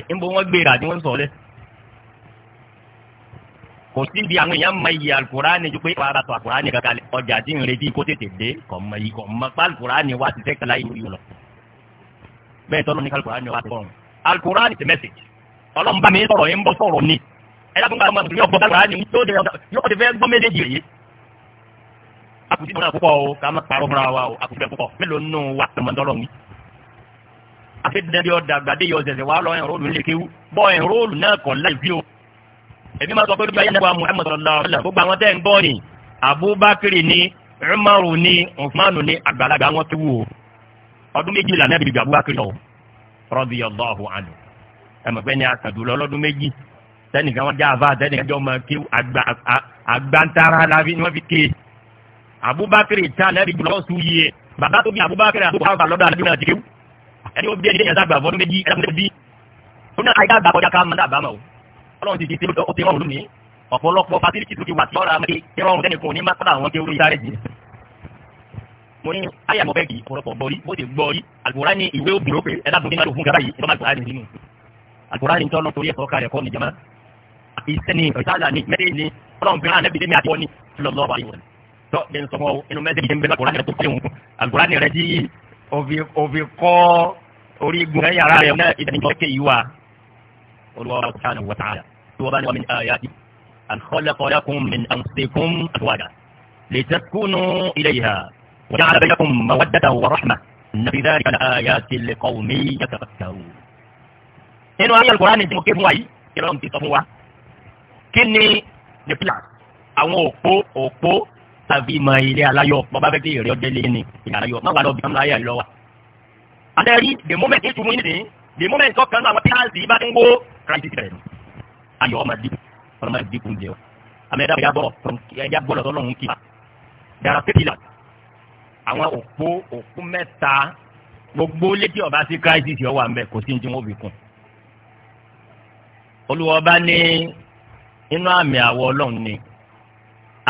[SPEAKER 1] ni wọ́n sọ lẹ́sẹ̀ kò síbi àwọn èèyàn mọ iye alukurani ju pé wàá bá tó alukurani kankan lẹ ọjà tí ń retí kó tètè dé kò mọ iye kò mọ pé alukurani wa ti sẹ́kẹ̀lá yìí yìí lọ. bẹ́ẹ̀ tọ́lọ́ ní alukurani wa ti bọ̀ alukurani ti mẹ́sẹ̀jì ọlọ́run mi sọ̀rọ̀ yín bọ́ sọ̀rọ̀ ni ẹ dákun bá mi ọgbọ́n alukurani yóò ti fẹ́ gbọ́ méjèèjì rèé. akutu ìmọ̀ràn púpọ̀ o ká má parọ́ fúnra wa o akutu ìmọ̀ràn púpọ̀ mélòó nù wa tọmọdọ́rọ̀ mi àti dandé ọ̀dàgbàdé yọ zẹ̀zẹ̀ wa lọ ẹ̀rọ òlù ńlẹ̀ èmi máa sọ pé dúpẹ́ yẹn wà Muhammad sallallahu alaihi wasallam gbogbo àwọn tẹ́ ń gbọ́ ni Abubakar ni Umaru ni Usmanu ni àgbàlagbà wọn ti wù ó ọdún méjì là nẹ́ẹ̀bì ju Abubakar lọ radiyallahu anhu ẹ̀mọ̀ pé ní akadùlọ lọ́dún méjì tẹ́nìkan wọn já àfa tẹ́nìkan jọ máa kí àgbàntara la fi wọ́n fi ké Abubakar ta nẹ́ẹ̀bì ju lọ́wọ́ sùn yìí bàbá tó bí Abubakar àti Buhari lọ́dọ̀ àlejò náà kéwù ẹni ó bí ọlọ́run ti di ti ó ti rọrùn lónìí ọ̀pọ̀lọpọ̀ fasiliti tó ti wà sí ọ̀rọ̀ amẹ́kẹ́ tí rọrùn sẹ́ni kò ní má kọ́lá àwọn kéwúrú ìdárẹ́ jì. mo ní ayé àmọ́ bẹ́ẹ̀ kì í ọ̀pọ̀lọpọ̀ gbọ́ rí bó ti gbọ́ rí àlùkòrá ní ìwé obìnrin pé ẹ̀dá tó ní máa lò fún gàrà yìí ìtọ́ máa gbọ́ nínú àlùkòrá ní tọ́lọ́ torí ẹ̀kọ́ kalẹ̀ kọ́ nìjọba ni ìtàlá ni ni ọlọ́run bẹ̀rẹ̀ àná bìdẹ́mi àti ọ́ni lọ́lọ́ wa yìí wọ̀n tọ́ ẹ̀ ń sọ fún ọ inú mẹ́rin bìdẹ́mi bẹ́ẹ̀ àlùkòrá ni rẹ tó kéré wọn àlùkòrá ni rẹ ti òfin sàn wọ́tà. تحسبان ومن آياته أن خلق لكم من أنفسكم أزواجا لتسكنوا إليها وجعل بينكم مودة ورحمة إن في ذلك لآيات لقوم يتفكرون إن وهي آية القرآن الذي مكيف هو أي إلا أن تصفوا كني نفلع أو أوكو أوكو تفي ما إلي على يوك بابا بكي يريو جليني إلا يوك ما غالو بكم لا يلوه أنا أريد دي مومنت إيه تموني دي دي مومنت كوكا نعم تحال دي بادنغو كرايسي تبادنغو ayọ̀ ọmọ dínkù ọlọmọ dínkù jẹ wa àmì ẹ̀dá bẹ̀yà bọ̀rọ̀ ẹ̀dá bọ̀rọ̀ tọ́lọ́hún kì í dara pépìlà àwọn òpó òpó mẹ́ta gbogbo létí ọba sí crisis ọwọ́ àmbẹ̀ kò sí ní wọ́n fi kún olùwọ́ba ní inú àmì àwọ̀ ọlọ́run ni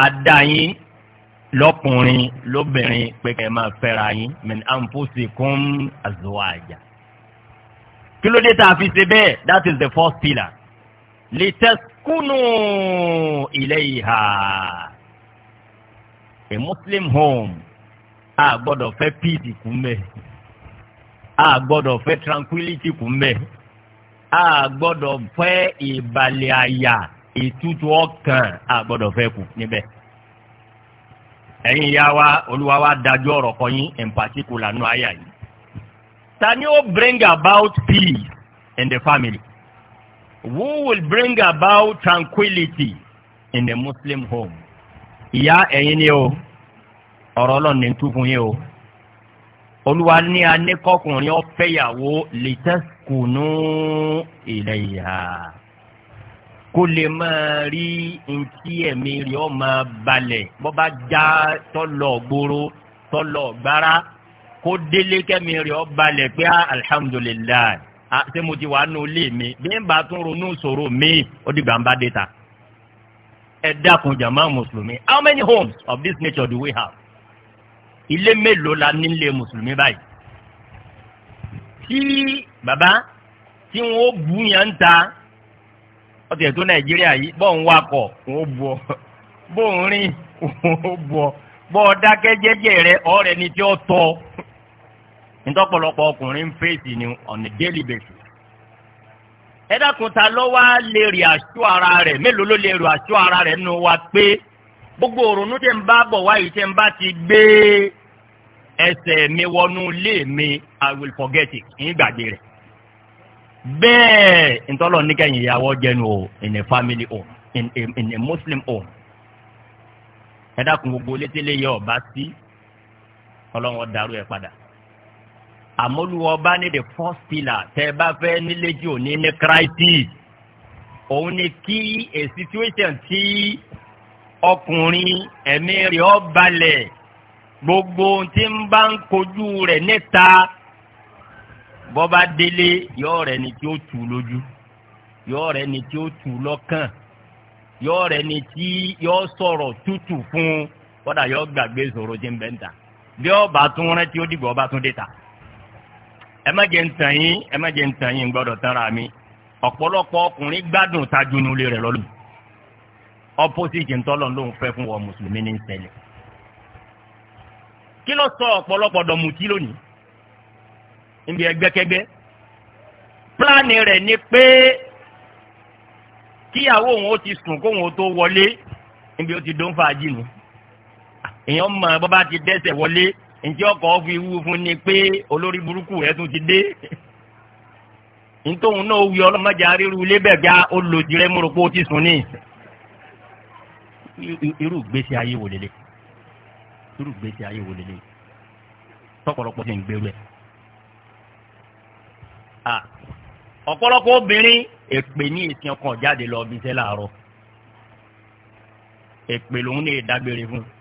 [SPEAKER 1] adáyín lọ́kùnrin lóbìnrin pé kẹ́ ẹ máa fẹ́ra yín min anfusikum azwaja kí ló dé tá a fi ṣe bẹ́ẹ̀ that is the first pillar litaskunu ilayha a muslim home a gbọ́dọ̀ fẹ́ peace kú mbẹ a gbọ́dọ̀ fẹ́ tranquility kú mbẹ a gbọ́dọ̀ fẹ́ ìbàlẹ̀ àyà ìtútù ọkàn a gbọ́dọ̀ fẹ́ kú níbẹ̀ ẹ̀yin ya wa olúwa wa dájú ọ̀rọ̀ kan in particular nù àyà yìí ta ni ó bring about peace in the family who will bring about tranquility in the muslim home. ìyá ẹ̀yin ni o ọ̀rọ̀ ọlọ́run ní tú fún yín o olúwa ní anẹ́kọ̀kùnrin ọ̀fẹ́yàwó lìtẹ́kùnú ilẹ̀ ìhà kó lè máa rí ntí ẹ̀mí rẹ̀ ọ́ máa balẹ̀ bọ́ bá já tọ́lọ̀ gbòòrò tọ́lọ̀ gbára kó délé kẹ́mi rẹ̀ ọ́ balẹ̀ pé ah, alhamdulilayi. Ah, ṣé mo ti wà nù ilé mi bí n bá tún ronú ìṣòro mi ó dìgbà ń bá ẹ dákun jàmá how many homes of this nature do we have? ilé mélòó la nílé mùsùlùmí báyìí? tí bàbá tí wọn ó bu yàn ta ọtí ẹ̀tọ́ nàìjíríà yìí bọ́ọ̀ ń wakọ̀ wọn ó rẹ ọ̀rẹ́ ni tí ntọ́pọ̀lọpọ̀ ọkùnrin ń fèsì ni on a daily basis. ẹ dákun ta ló wá lè rí aṣọ ara rẹ̀ mélòó ló lè rí aṣọ ara rẹ̀ nù wá pé gbogbo òrònú tẹ̀ ń bá bọ̀ wáyé tẹ̀ ń bá ti gbé ẹsẹ̀ mi wọnú ilé mi i will forget it ń gbàgbé rẹ̀. bẹ́ẹ̀ ntọ́lọ́ níkẹyìn ìyàwó jẹnu o in a family home in a, in a muslim home. ẹ dákun gbogbo létí lè yẹ ọba sí ọlọ́run ó dàrú padà àmọ́lùwọ́ bá ní the first pillar tẹ́ ẹ bá fẹ́ nílé jù ní crisis òun ni kí a situation tí ọkùnrin ẹ̀mí rẹ̀ ọ́ balẹ̀ gbogbo tí ń bá ń kojú rẹ̀ níta bọ́ba délé yọ rẹ̀ ni tí ó tù lójú yọ rẹ̀ ni tí ó tù lọ́kàn yọ rẹ̀ ni tí yọ sọ̀rọ̀ tútù fún kódà yọ gbàgbé ìṣòro tí ń bẹ́ ń ta bí ọba tún rántí ó dìgbò ọba tún dé ta ẹ má jẹ́ ń tàn yín ẹ má jẹ́ ń tàn yín gbọ́dọ̀ tanra mi ọ̀pọ̀lọpọ̀ ọkùnrin gbádùn tajú ní ilé rẹ̀ lọ́lù opposite ntọ́lọ́ ló ń fẹ́ fún wọn mùsùlùmí ní ṣẹlẹ̀ kí ló sọ ọ̀pọ̀lọpọ̀ dọ̀mùtí lónìí níbi ẹgbẹ́kẹ́gbẹ́ pílánì rẹ̀ ni pé kíyàwó òun ó ti sùn kóun ó tó wọlé níbi ó ti dó ń fàájì nù èèyàn mọ̀ bọ́ bá ti dẹ́sẹ̀ wọlé ǹjẹ́ ọkọ̀ fi wú fún ni pé olórí burúkú rẹ̀ tún ti dé ntòun náà wí ọlọ́mọdé aríru ilé bẹ́ẹ̀ bí a ó lo jìrẹ́ mo rò pé ó ti sùn ní irú gbèsè ayé wò lélẹ̀ irú gbèsè ayé wò lélẹ̀ tọ̀pọ̀lọpọ̀ ti ń gbèrú ẹ̀ ọ̀pọ̀lọpọ̀ obìnrin èpè ní ìsìn ọkàn jáde lọ bí iṣẹ́ láàárọ̀ èpè lòun ní ìdágbére fún un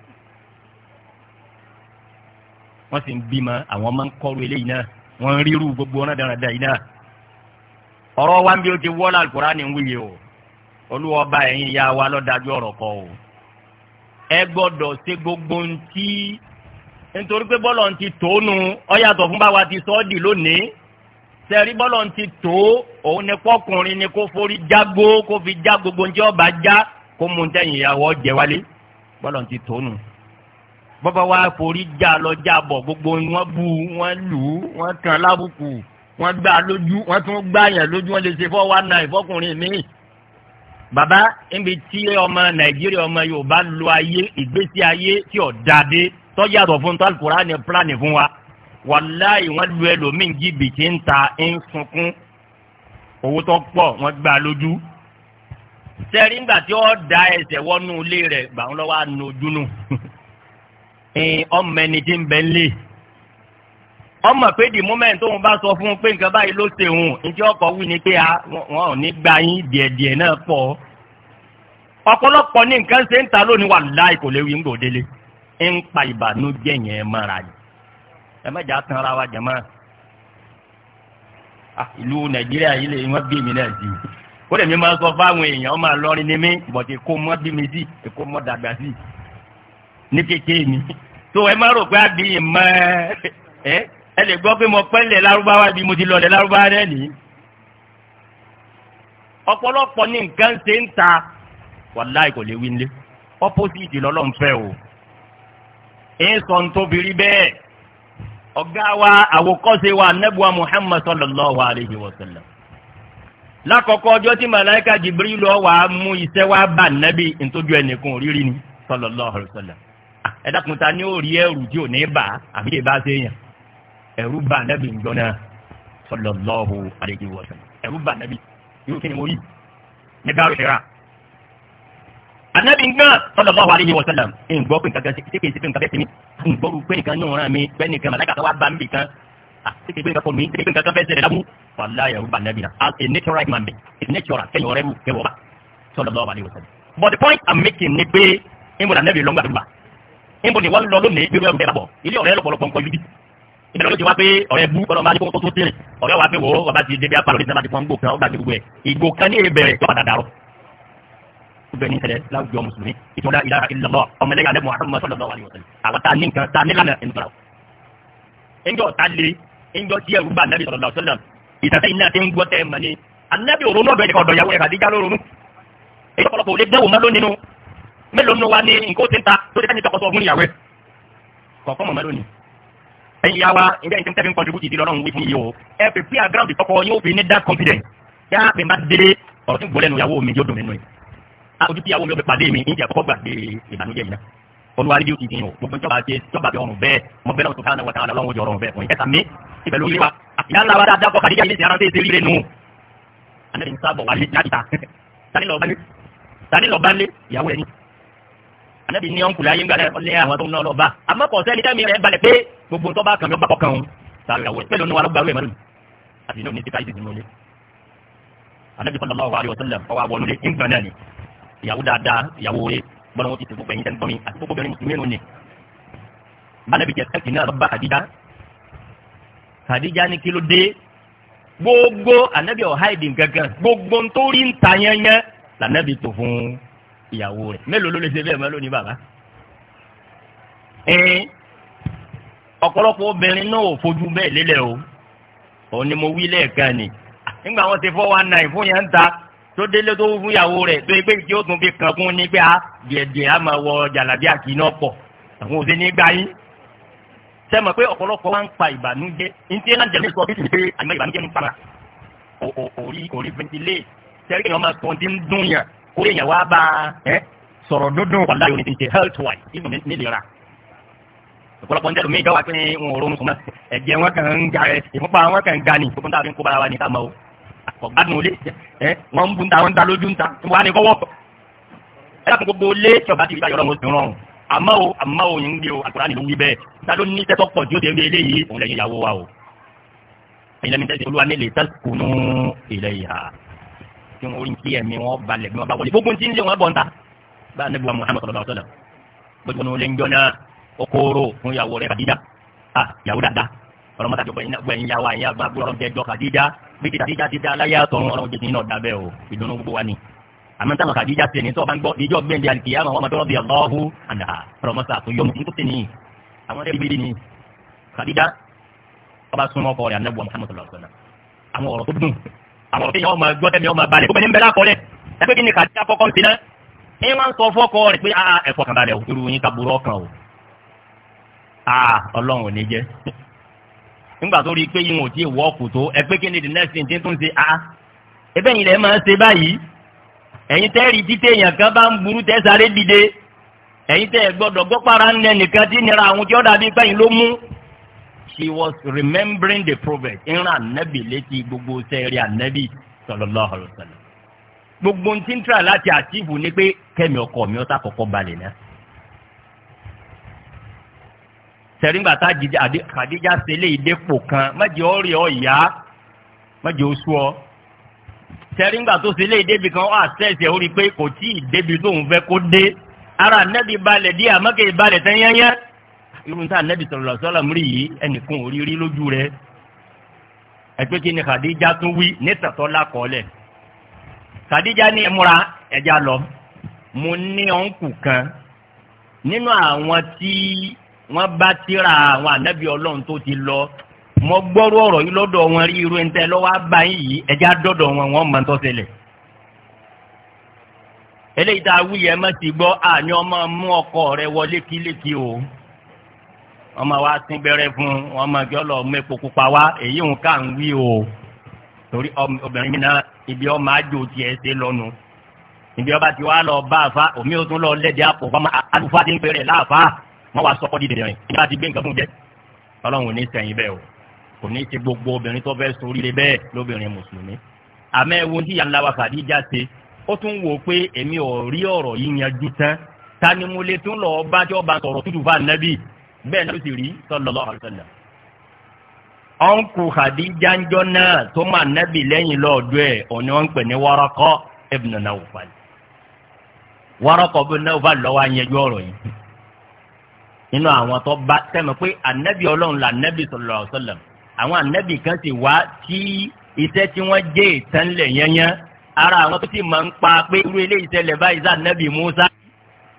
[SPEAKER 1] wọ́n sì ń bímọ àwọn máa ń kọ́rù eléyìí náà wọ́n ń ríru gbogbo ọ̀nà dáradára yìí náà. ọ̀rọ̀ wa ń bí o ti wọ́lá Al-Qur'ani ń wuyì o olúwa ọba ẹ̀yin ìyá wa lọ́dájú ọ̀rọ̀ kọ o. ẹ gbọ́dọ̀ ṣe gbogbo ń tí nítorí pé bọ́lọ̀ ń ti tóónu ọ yàtọ̀ fún báwa ti sọ́ dì lónìí sẹ́rí bọ́lọ̀ ń ti tó òun ni kọkùnrin ni kó forí jágbó kó fi já gbogbo ń tí ọba já kó mu ń tẹ̀yìn ìyàwó bọ́bá wa forí já lọ já bọ̀ gbogbo wọn bu wọn lù ú wọn kàn lábùkù wọn gbà lójú wọn tún gbà yẹn lójú wọn lè ṣe fọ́ wa náà ìfọkùnrin mi bàbá níbi tí ọmọ nàìjíríà ọmọ yorùbá lo ayé ìgbésí ayé tí ò dáadé tọ́jàtọ̀ fún tọ́lùkùrá ni pílánì fún wa wàláì wọ́n lu ẹlòmíì jìbìtì ń ta ń sunkún owó tó pọ̀ wọ́n gbà lójú sẹ́rí ńgbà tí ó da ẹsẹ̀ wọnú ilé rẹ̀ gbà ń lọ́wọ́ ọmọ ẹni tí ń bẹ ń lé ọmọ pé di moment tóun bá sọ fún un pé nǹkan báyìí ló ṣe òun ǹjẹ́ ọkọ̀ wí ni pé ah, wọn ò ní gba yín díẹ̀díẹ̀ náà pọ̀ ọ̀pọ̀lọpọ̀ ní nǹkan ṣe ń ta lónìí wà láì kò lè wí ńgbò délé ń pa ìbànújẹ́ yẹn mọ́ra ni ẹ má jà tán ara wa jẹ̀ mọ́ ah, ìlú nàìjíríà yìí lè wọ́n bí mi náà sí kó lè mi máa sọ fáwọn èèyàn ọmọ àlọ́rin ni mí bọ̀dé kó mọ́ bí mi sí èkó mọ́ dàgbà sí ní kékeré ni tó ẹ má rò pé mọ ẹ ẹ lè gbọ́ pé mo pẹ́ lẹ̀ lárúbáwá bí mo ti lọ lẹ̀ lárúbáwá rẹ̀ nìyí. ọ̀pọ̀lọpọ̀ ní nǹkan ṣe ń ta wàláì kò lè wí nílé ọ́pọ́sìtì lọ́lọ́run fẹ́ o ń sọ nítorí rí bẹ́ẹ̀ ọ̀gá wa àwòkọ́ṣe wa anábùwà wa lákọ̀ọ́kọ́ wa bá ẹnìkan òrírí ni ẹ dákun ta ni ó rí ẹrù tí ò ní bà àfi lè bá séèyàn ẹrù bà nẹbi ń gbọnà sallallahu alaihi wasallam ẹrù bà nẹbi yóò kí ni mo rí ní bá rẹ ra anabi ngan sallallahu alaihi wasallam ẹ ń gbọ́ pé nǹkan ṣe kí n ṣe pé nǹkan bẹ́ẹ̀ tẹ̀mí ń gbọ́ pé nǹkan náà ràn mí pé nǹkan màláìka wà bá mi kan àti pé nǹkan kọ mi ṣẹlẹ̀ lábú wàlá but the point i'm making ni pé ń bọ̀ nẹbi lọ́ngbàdúgbà níbo ni wọ́n lọ lónìí bí wọ́n bẹ̀rẹ̀ bọ̀ ilé ọ̀rẹ́ lọ́pọ̀lọpọ̀ nǹkan yúbi ìbẹ̀rẹ̀ ló ti wá pé ọ̀rẹ́ bú kọ́lọ́ máa ní kókó tó tẹ̀lé ọ̀rẹ́ wa pé wò ó bá ti débi apá lórí sábàtì pọ́ńgbò kan ó gbàgbé gbogbo ẹ̀ ìgbò kan ní ìbẹ̀rẹ̀ tó padà dàrọ̀. gbogbo ẹni ṣẹlẹ̀ láwùjọ mùsùlùmí ìtura ìlara ìlọlọ ọmọlẹ́yà alẹ́ muhammed sallallahu alayhi wa sallam àwọn ta ní nǹkan ta ní lánà ẹni fara. ẹnjọ́ ta le ẹnjọ́ tí ẹrú bá anabi sallallahu alayhi wa sallam ìtàtẹ́ iná ti ń gbọ́ tẹ́ mọ̀ ni anabi òrónú ọ̀bẹ mélòó ló wá ní nǹkó tí ń ta tó ti tẹ́ni tọkọtọ ọ̀gbìn ìyàwó ẹ̀ kọ̀ọ̀kan mọ̀mọ́ lónìí ẹ̀yin yá wa ǹjẹ́ ìṣẹ́ tẹ́fí ń contribute ìdí lọ́rùn wí fún yìí o ẹ pè pé àgráwùdì tọkọ yóò fi ní that confidence yá pè má délé ọ̀rọ̀ tí ń gbọ́lẹ́nu ìyàwó mi yóò dùn nínú ẹ̀ ojú tí ìyàwó mi ò fi pàdé mi ìjà kọ́kọ́ gbàgbé ìbànújẹ́ yìí náà olùwárí bí ó ti dìyàn gbogbo ìjọba àti ìjọba àti ọrùn bẹ́ẹ̀ mo bẹ̀rẹ̀ òtún káwọn ọ̀tá ọlọ́run ojú ọrùn bẹ́ẹ̀ fún ìkẹta mi ìbẹ̀ lórí wa ìyá anabi ní ọ̀nkùlá yín gbàdá ọ̀lẹ́ àwọn tó ń lọ bá àmọ́ kọ̀ sẹ́ni tẹ́mi rẹ̀ balẹ̀ pé gbogbo tó bá kàn ló bá kọ̀ kàn ó sàlàwọ̀ pẹ̀lú oníwà lọ́gbàrú ẹ̀ mọ́nù àti ní oníṣẹ́ káyọ̀ ìdùnnú lé anabi sallallahu alaihi wasallam ọwọ́ àwọn olùlé ìgbà náà ni ìyàwó dáadáa ìyàwó rẹ̀ gbọ́dọ̀ wọn ti tẹ̀ gbogbo ẹ̀yin tẹ́ntọ́ mi àti gbogbo bẹ̀rẹ̀ mùsùlùmí nù ni anabi jẹ sẹ́kì náà lọ́ba Khadija Khadija ní kí ló gbogbo anabi ọ̀háìdì gangan gbogbo ntórí ntanyẹnyẹ lànàbi ìyàwó rẹ̀ mélòó ló lè ṣe bẹ́ẹ̀ mọ́ lónìí bàbá. ẹ̀ẹ́n ọ̀pọ̀lọpọ̀ obìnrin náà ò fojú bẹ́ẹ̀ lélẹ̀ o òun ni mo wí lẹ́ẹ̀kan ni nígbà wọn ti fọ́ wa nà ìfún yẹn ń ta tó délé tó fún ìyàwó rẹ̀ tó ẹgbẹ́ tí ó tún fi kankun ní pé a ah, díẹ̀díẹ̀ a máa wọ jàlábí àti iná pọ̀ àwọn òsè ní gbá yín sẹ́mọ̀ pé ọ̀pọ̀lọpọ̀ wa ń pa ìbànújẹ́ ní tí náà jẹ̀lé sọ bí ti pé àmọ́ ìbànújẹ́ ń para orí orí fẹ́ntilé sẹ́rí kìnnìkan máa tọ́ ti ń dún yàn kó lè yàn wá bá ẹ sọ̀rọ̀ dúndún wàlá yóò ní ti health wise ìfún mi nílera ọ̀pọ̀lọpọ̀ ní ẹlòmíì dáwà pé wọn ò ronú sùn mọ́ ẹ̀jẹ̀ wọn kàn ń ga ẹ ìfúnpá wọn kàn ń ga ni gbogbo táwọn fi ń kó bara wa ní ká mọ o àkọ́gbádùn olè ẹ wọn ń bu ta wọn ń ta lójú ń ta wọn á ní kọ́wọ́ ẹ dákun gbogbo lé tí ọba ti rí báyọ̀ lọ́wọ́ rọrùn àmọ́ o àmọ́ tí wọ́n ń kí ẹ̀mí wọn balẹ̀ bí wọ́n bá wọlé gbogbo tí ń lé wọn bọ̀ ń ta bá a níbi wa Muhammad sallallahu alaihi wasallam gbogbo ní olè ń jọ náà okoro fún ìyàwó rẹ̀ Khadija ah ìyàwó dada ọlọmọdé àti ọgbẹ̀yìn gbẹ̀yìn yàwá ìyá àgbà gbọ́dọ̀ ọlọmọdé ẹjọ́ Khadija bí ti Khadija ti da aláyà tọrun ọlọmọdé ti náà dábẹ́ o ìdùnnú gbogbo wa ni àmọ́ táwọn Khadija ti ní tó o bá ń gbọ́ ìjọ gbẹ̀ndẹ̀ àlìkìyàmọ̀ wọn mọ̀tọ́ bí ọlọ́hu àná ọlọmọdé àtúnyọmọ tó ti ní àwọn ẹ̀rí bíi ní Khadija ọba súnmọ́ ọkọ rẹ̀ anábọ̀ Muhammad àwọn ọ̀rọ̀ tó dùn àwọn òfin ọmọ ẹgbẹ́ tẹ̀mí ọmọ balẹ̀ obìnrin bẹ́ẹ̀ lákọọ́lẹ̀ ẹgbẹ́ kí ni kàdí afọ́kọ́ ti náà ẹ máa ń sọ fọ́kọ rẹ̀ pé ẹ̀fọ́ kan balẹ̀ o yín taburú ọkàn o ọlọ́run ò ní jẹ́ nígbà tó rí i pé yín ò tí ì wọ́ọ̀kù tó ẹgbẹ́ kí ni the next thing ti tún ṣe a ẹbẹ́ yìí lẹ́ máa ń ṣe báyìí ẹ̀yin tẹ́rì títẹ̀ èèyàn kan bá ń burú tẹ́ sáré dìde ẹ̀yin tẹ́ gbọ́dọ̀ gbọ́para ń nẹ nìkan he was remembering the prophet ìran anabi létí gbogbo sẹ́ẹ̀rì anabi sallallahu alaihi wasallam gbogbo ntí ń tra láti àtìfù ni pé kẹ́mi ọkọ mi ọ̀tá kọ́kọ́ balẹ̀ náà sẹ̀ríngbà tá àdíjà sẹ́lẹ̀ ìdẹ́pọ̀ kan mẹ́jẹ̀ ọ̀rì ọ̀yá mẹ́jẹ̀ oṣù ọ sẹ̀ríngbà tó sẹ́lẹ̀ ìdẹ́bi kan wà sẹ́ẹ̀sẹ̀ ó rí i kò tí ì débi tóun fẹ́ kó dé ara nẹ́bi balẹ̀ díẹ̀ àmọ́kè balẹ̀ tẹ́yẹ́yẹ́ irun tá anabi sọlọ sọlọ mú rí yìí ẹnìkan ò rí rí lójú rẹ ẹgbẹ́ kí ni Khadija tún wí ní tẹ̀tọ́ lákọọ́lẹ̀ Khadija ní ẹmúra ẹja lọ mo ní ọ̀nkù kan nínú àwọn tí wọ́n bá tíra àwọn anabi ọlọ́run tó ti lọ mo gbọ́rú ọ̀rọ̀ yìí lọ́dọ̀ wọn rí irú ẹ̀ńtẹ́ lọ́wọ́ abáyín yìí ẹja dọ́dọ̀ wọn wọn mọ̀ ń tọ́sẹ̀lẹ̀ eléyìí tá a wí mọ́ ti gbọ́ àní ọmọ mú ọkọ rẹ wọlé kílékí o wọ́n máa wá sín gbẹ́rẹ́ fún wọ́n máa jọ lọ mú pupa wá èyí ń ká ń wí o torí obìnrin mi náà ibi ọmọ àjò tiẹ̀ ṣe lọ́nu ibi ọba ti wá lọ bá àfa omi ó tún lọ lẹ́dẹ̀ àpò fún àlùfáà ti ń pèrè láàfá wá sọ́kọ́ dìde rẹ̀ nígbà tí gbé fún jẹ́ ọlọ́run ò ní sẹ́yìn bẹ́ẹ̀ o kò ní ti gbogbo obìnrin tó fẹ́ soríire bẹ́ẹ̀ lóbìnrin mùsùlùmí àmọ́ ẹ̀wọ̀n tí yàrá wa Khadija ṣe ó tún wò pé èmi ò rí ọ̀rọ̀ yìí yanjú tán tani mo lè tún lọ bá tí ọba sọ̀rọ̀ tútù fún ànábì bẹ́ẹ̀ ló ti rí sallallahu alaihi wasallam. ọ̀nkù Khadija ńjọ́ náà tó mà nẹ́bì lẹ́yìn lọ́ọ̀dọ́ ẹ̀ òní wọ́n ń pè ní Waraqa ibn Nawfal. Waraqa ibn Nawfal lọ́wọ́ ayẹyẹ ọ̀rọ̀ yìí. nínú àwọn tó bá tẹ́mọ̀ pé ànẹ́bì ọlọ́run là nẹ́bì sallallahu alaihi wasallam. àwọn ànẹ́bì kan sì wá tí iṣẹ́ tí wọ́n jẹ́ ìtẹ́ńlẹ̀ yẹnyẹn ara àwọn tó ti máa ń pa pé irú ilé ìṣẹ̀lẹ̀ báyìí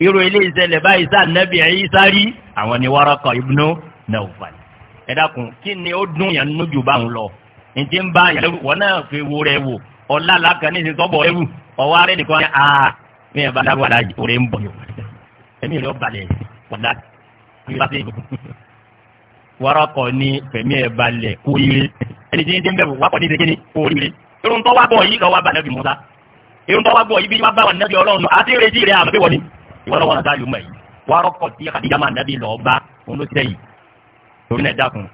[SPEAKER 1] irú ilé ìṣẹ̀lẹ̀ báyìí sáà nẹ́bí ẹ̀yí sárí àwọn ni Waraka ibnu Nawfal ẹ dákun kí ni ó dùn yàn nínú jù báwọn lọ ntí ń bá yàn lẹ́rù wọn náà fi wo rẹ̀ wò ọ̀la làákàn ní ìsìn tọ́bọ̀ ẹ̀rù ọwọ́ arẹ nìkan ni aa mi yẹn bá dá wà láàyè òrè ń bọ̀ yòó ẹ̀mí rẹ̀ balẹ̀ wàdà kúrẹ́sì Waraka ni fẹ̀mí ẹ̀ balẹ̀ kúrẹ́rì ẹni tí ń dín bẹ́ẹ̀ wà pọ̀ ní ìdíkíní kúrẹ́rì irun tó wá bọ̀ yìí lọ wá ìwọ́n wọn sáà yóò mọ̀ yìí wọ́n arọ́kọ̀ tí Khadija máa nàbí lọ́ọ́ bá òun ló tẹ̀ yìí torí náà dákun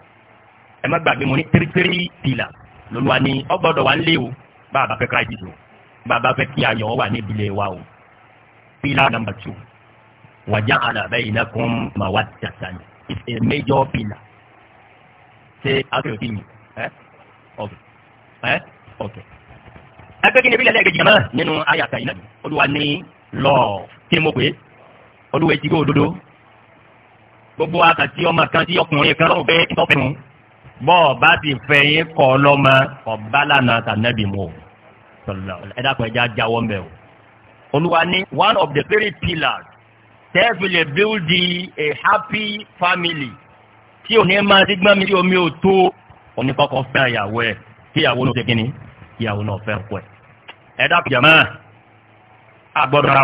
[SPEAKER 1] ẹ má gbàgbé mo ní tírítírí pìlà lóluwa ni ọ gbọ́dọ̀ wà nílé o bàbá fẹ́ kíláàsì o bàbá fẹ́ kí ayọ̀ wà níbi ilé wa o pìlà nàmbà tù wàjà àdàbẹ́ ìnákun mà wà tẹ̀sán ìfẹ́ méjọ́ pìlà ṣe àfihàn kí ni ẹ ọ̀kẹ́ ẹ ọ̀kẹ́ ẹgbẹ́ kí ni bí lẹ́lẹ́gẹ̀ẹ́ jẹ̀mọ́ nínú ayàtà ìnáyìí olúwa ní lọ́ọ̀ kí mo pè é olúwa ti gbé òdodo gbogbo àkàtì ọmọ kan tí ọkùnrin kan lọ́wọ́ bẹ́ẹ̀ tọ́pẹ́ mu bọ́ọ̀ bá ti fẹ́ yín kọ́ ọlọ́mọ ọ̀bá lànà tànẹ́bì mu ẹ dákun ẹja jáwọ́ mbẹ́ o olúwa ní one of the very pillars tẹ́ẹ̀fì lè build a happy family tí ò máa ti gbọ́n mi tí omi ò tó oníkọ́kọ́ fẹ́ ìyàwó ẹ̀ kí ìyàwó ló ṣe kí ni ìyàwó náà fẹ́ kọ́ ẹ̀ ẹ dákun jàmáà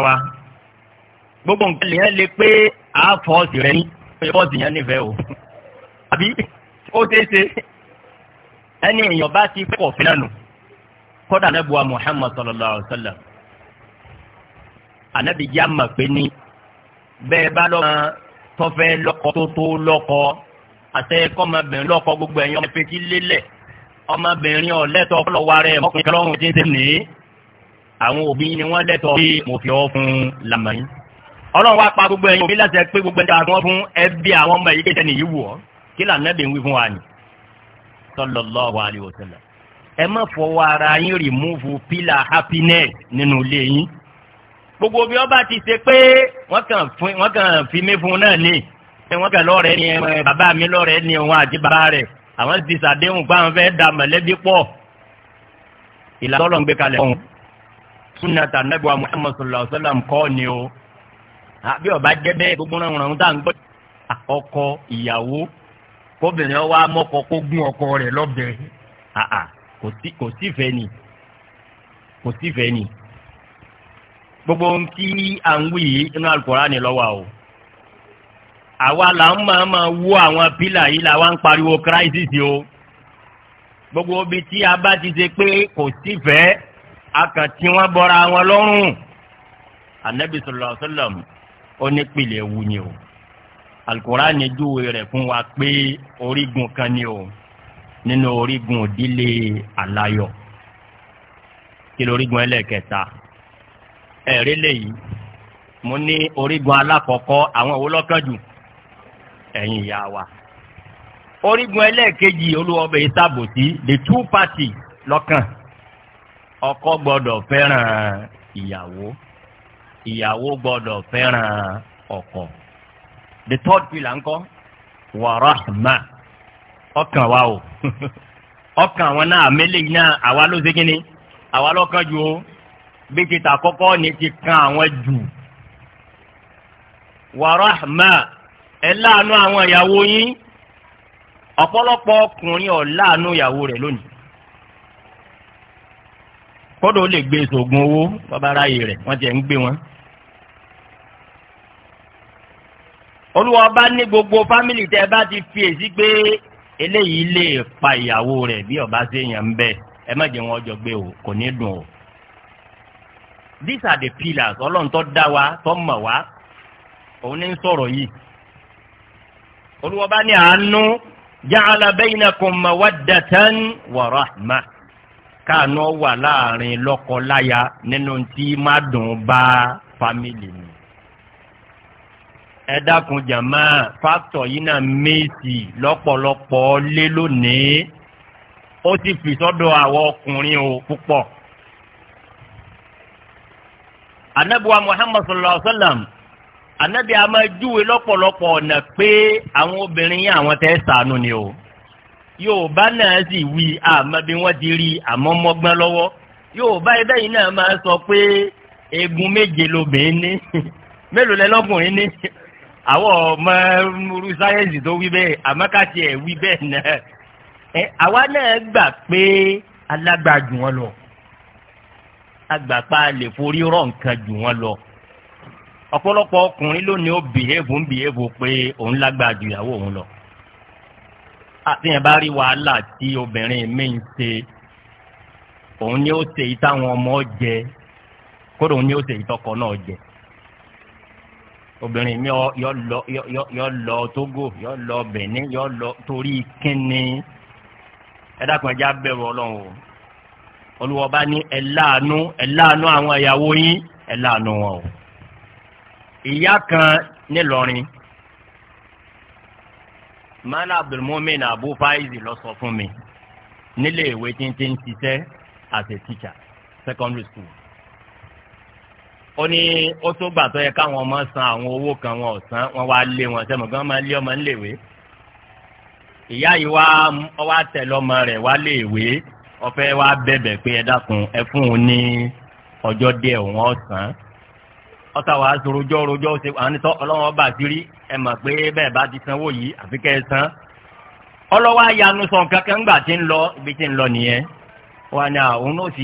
[SPEAKER 1] wa gbogbo nǹkan lèyàn lè pé àáfọ́ọ̀sì rẹ ní bọ́ọ̀sì yẹn nífẹ̀ẹ́ o àbí ó ṣeé ṣe ẹni èèyàn bá ti kọ̀ fílànù kódà nẹ́bùwà Muhammad sallallahu alayhi wa sallam ànábì já mà pé ní bẹ́ẹ̀ bá lọ́mọ tọ́fẹ́ lọ́kọ tó tó lọ́kọ àtẹ́kọ́ ọmọbìnrin lọ́kọ gbogbo ẹ̀yàn ọmọ fetí lélẹ̀ ọmọbìnrin ọ̀lẹ́tọ̀ ọlọ́wà rẹ̀ mọ́kùnrin kẹlọ́run ti ń tẹ̀ ní àwọn òbí ni wọ́n lẹ́tọ̀ọ́ bí mo fi ọ́ fún lamẹ́yìn ọlọ́run wá pa gbogbo ẹ̀yin òbí láti ẹ pé gbogbo ẹ̀yin àti wọn fún ẹbí àwọn ọmọ yìí kẹ́tẹ́ nìyí wù ọ́ kí lànà bí ń wí fún wa ni sallallahu alaihi wasallam ẹ má fọwọ́ ara yín rìmúfù pílà happiness nínú ilé yín gbogbo bí ọba ti ṣe pé wọ́n kàn fi mí fún náà ni wọ́n kàn lọ́ọ̀rẹ́ ni bàbá mi lọ́ọ̀rẹ́ ni òun àti bàbá rẹ̀ àwọn ti ṣàdéhùn pé àwọn fẹ́ da mọ̀lẹ́bí pọ̀ ìlànà ọlọ́run gbé kalẹ̀ fún un àbí ah, ọba jẹ́ bẹ́ẹ̀ gbogbo ràn ràn tá à ń gbọ́. Ah, ọkọ ìyàwó kóbìnrin ọwọ́ amọ́kọ kó gún ọkọ rẹ̀ lọ́bẹ̀ ah, kò sífẹ̀ẹ́ ni kò sífẹ̀ẹ́ ni gbogbo ohun tí à ń wí yìí inú Al-Qur'ani ni lọ́wọ́ o àwa là ń máa ma wó àwọn pílà yìí là ń pariwo crisis o gbogbo ibi tí a bá ti ṣe pé kò sífẹ̀ẹ́ a kàn tí wọ́n bọ́ra wọn lọ́rùn anabi sallallahu alaihi wasallam onípìlẹ̀ ewu ni o alukurani júwe rẹ̀ fún wa pé orígun kan ni o nínú orígun ìdílé alayọ̀ kí lórígun ẹlẹ́kẹta ẹ̀rí lèyí mo ní orígun alákọ̀ọ́kọ́ àwọn òwò lọ́kàn jù ẹ̀yin ìyá wa orígun ẹlẹ́ẹ̀kejì olúwọ́bẹ̀ ìsàbòsí the two party lọ́kàn ọkọ gbọ́dọ̀ fẹ́ràn ìyàwó ìyàwó gbọ́dọ̀ fẹ́ràn ọkọ the third pillar ńkọ́ wàràhàmà ọkàn wa o ọkàn àwọn náà àmẹ́lẹ̀ yìí náà àwa ló ṣe kínní àwa lọ́kàn ju o bí ti ta kọ́kọ́ ni ti kan àwọn jù wàràhàmà ẹ láàánú àwọn ìyàwó yín ọ̀pọ̀lọpọ̀ ọkùnrin ọ̀ láàánú ìyàwó rẹ̀ lónìí kódò ó lè gbé sògùn owó bàbá ráyè rẹ̀ wọ́n ti ẹ̀ ń gbé wọn. olúwa bá ní gbogbo fámìlì tẹ bá ti fi èsì pé eléyìí lè pa ìyàwó rẹ̀ bí ọba ṣe yàn ń bẹ ẹ má jẹ́ wọn gbé o kò ní dùn o these are the pillars ọlọ́run tó dá wa tó mọ̀ wá òun ní ń sọ̀rọ̀ yìí olúwa bá ní àánú ja'ala bainakum mawaddatan wa rahma káànú wà láàrin lọ́kọ-láya nínú tí má dùn bá fámìlì mi ẹ dákun jàmá fáktọ̀ yìí náà méjì lọ́pọ̀lọpọ̀ lé lónìí ó ti fi sọ́dọ̀ àwọn ọkùnrin o púpọ̀. anabiwa muhammad sallallahu alaihi wa sallam anabi a máa júwe lọ́pọ̀lọpọ̀ ọ̀nà pé àwọn obìnrin yẹn àwọn tẹ́ sànù ni o yorùbá náà sì wí àmọ́ bí wọ́n ti rí àmọ́ mọ́gbọ́n lọ́wọ́ yorùbá ẹgbẹ́ yìí náà máa sọ pé egun méje lobìnrin ní mélòó lẹ́lọ́kùnrin ní àwọn ọmọ múru sáyẹ́ǹsì tó wí bẹ́ẹ̀ àmọ́kàtì ẹ̀ wí bẹ́ẹ̀ náà ẹ àwa náà gbà pé alágbàá jù wọ́n lọ agbàpá lè forí rọ nǹkan jù wọ́n lọ ọ̀pọ̀lọpọ̀ ọkùnrin lónìí ó bìhéèvù ń bìhéèvù pé òun lágbàá ju ìyàwó òun lọ àtìyàn bá rí wàhálà tí obìnrin mi ṣe òun ni ó ṣe èyí táwọn ọmọ jẹ kódà òun ni ó ṣe èyí náà jẹ obìnrin mi yọ lọ Togo yọ lọ Benin yọ lọ torí kínní ẹ dákun ẹjẹ abẹ̀rù Ọlọ́run o olùwọba ní ẹ láàánú ẹ láàánú àwọn ìyàwó yín ẹ láàánú wọn o ìyá kan nílọrin mala abdulmumin abu faizi lọ sọ fún mi nílé ìwé tí n ti ń ṣiṣẹ́ as a teacher secondary school ó ní ó tó gbà tó yẹ káwọn ọmọ san àwọn owó kan wọn ò wọn wá lé wọn sẹ́mu gan máa lé ọmọ ńlẹ̀wé ìyá yìí wá wá ọmọ rẹ̀ wá lé ìwé ọ̀fẹ́ wá bẹ̀bẹ̀ pé ẹ dákun ẹ fún un ní ọjọ́ díẹ̀ òun ọ̀sán wàá rojọ́ ṣe ọlọ́wọ́n ẹ mọ̀ pé bẹ́ẹ̀ bá ti sanwó yìí àfi ni àwọn òun sì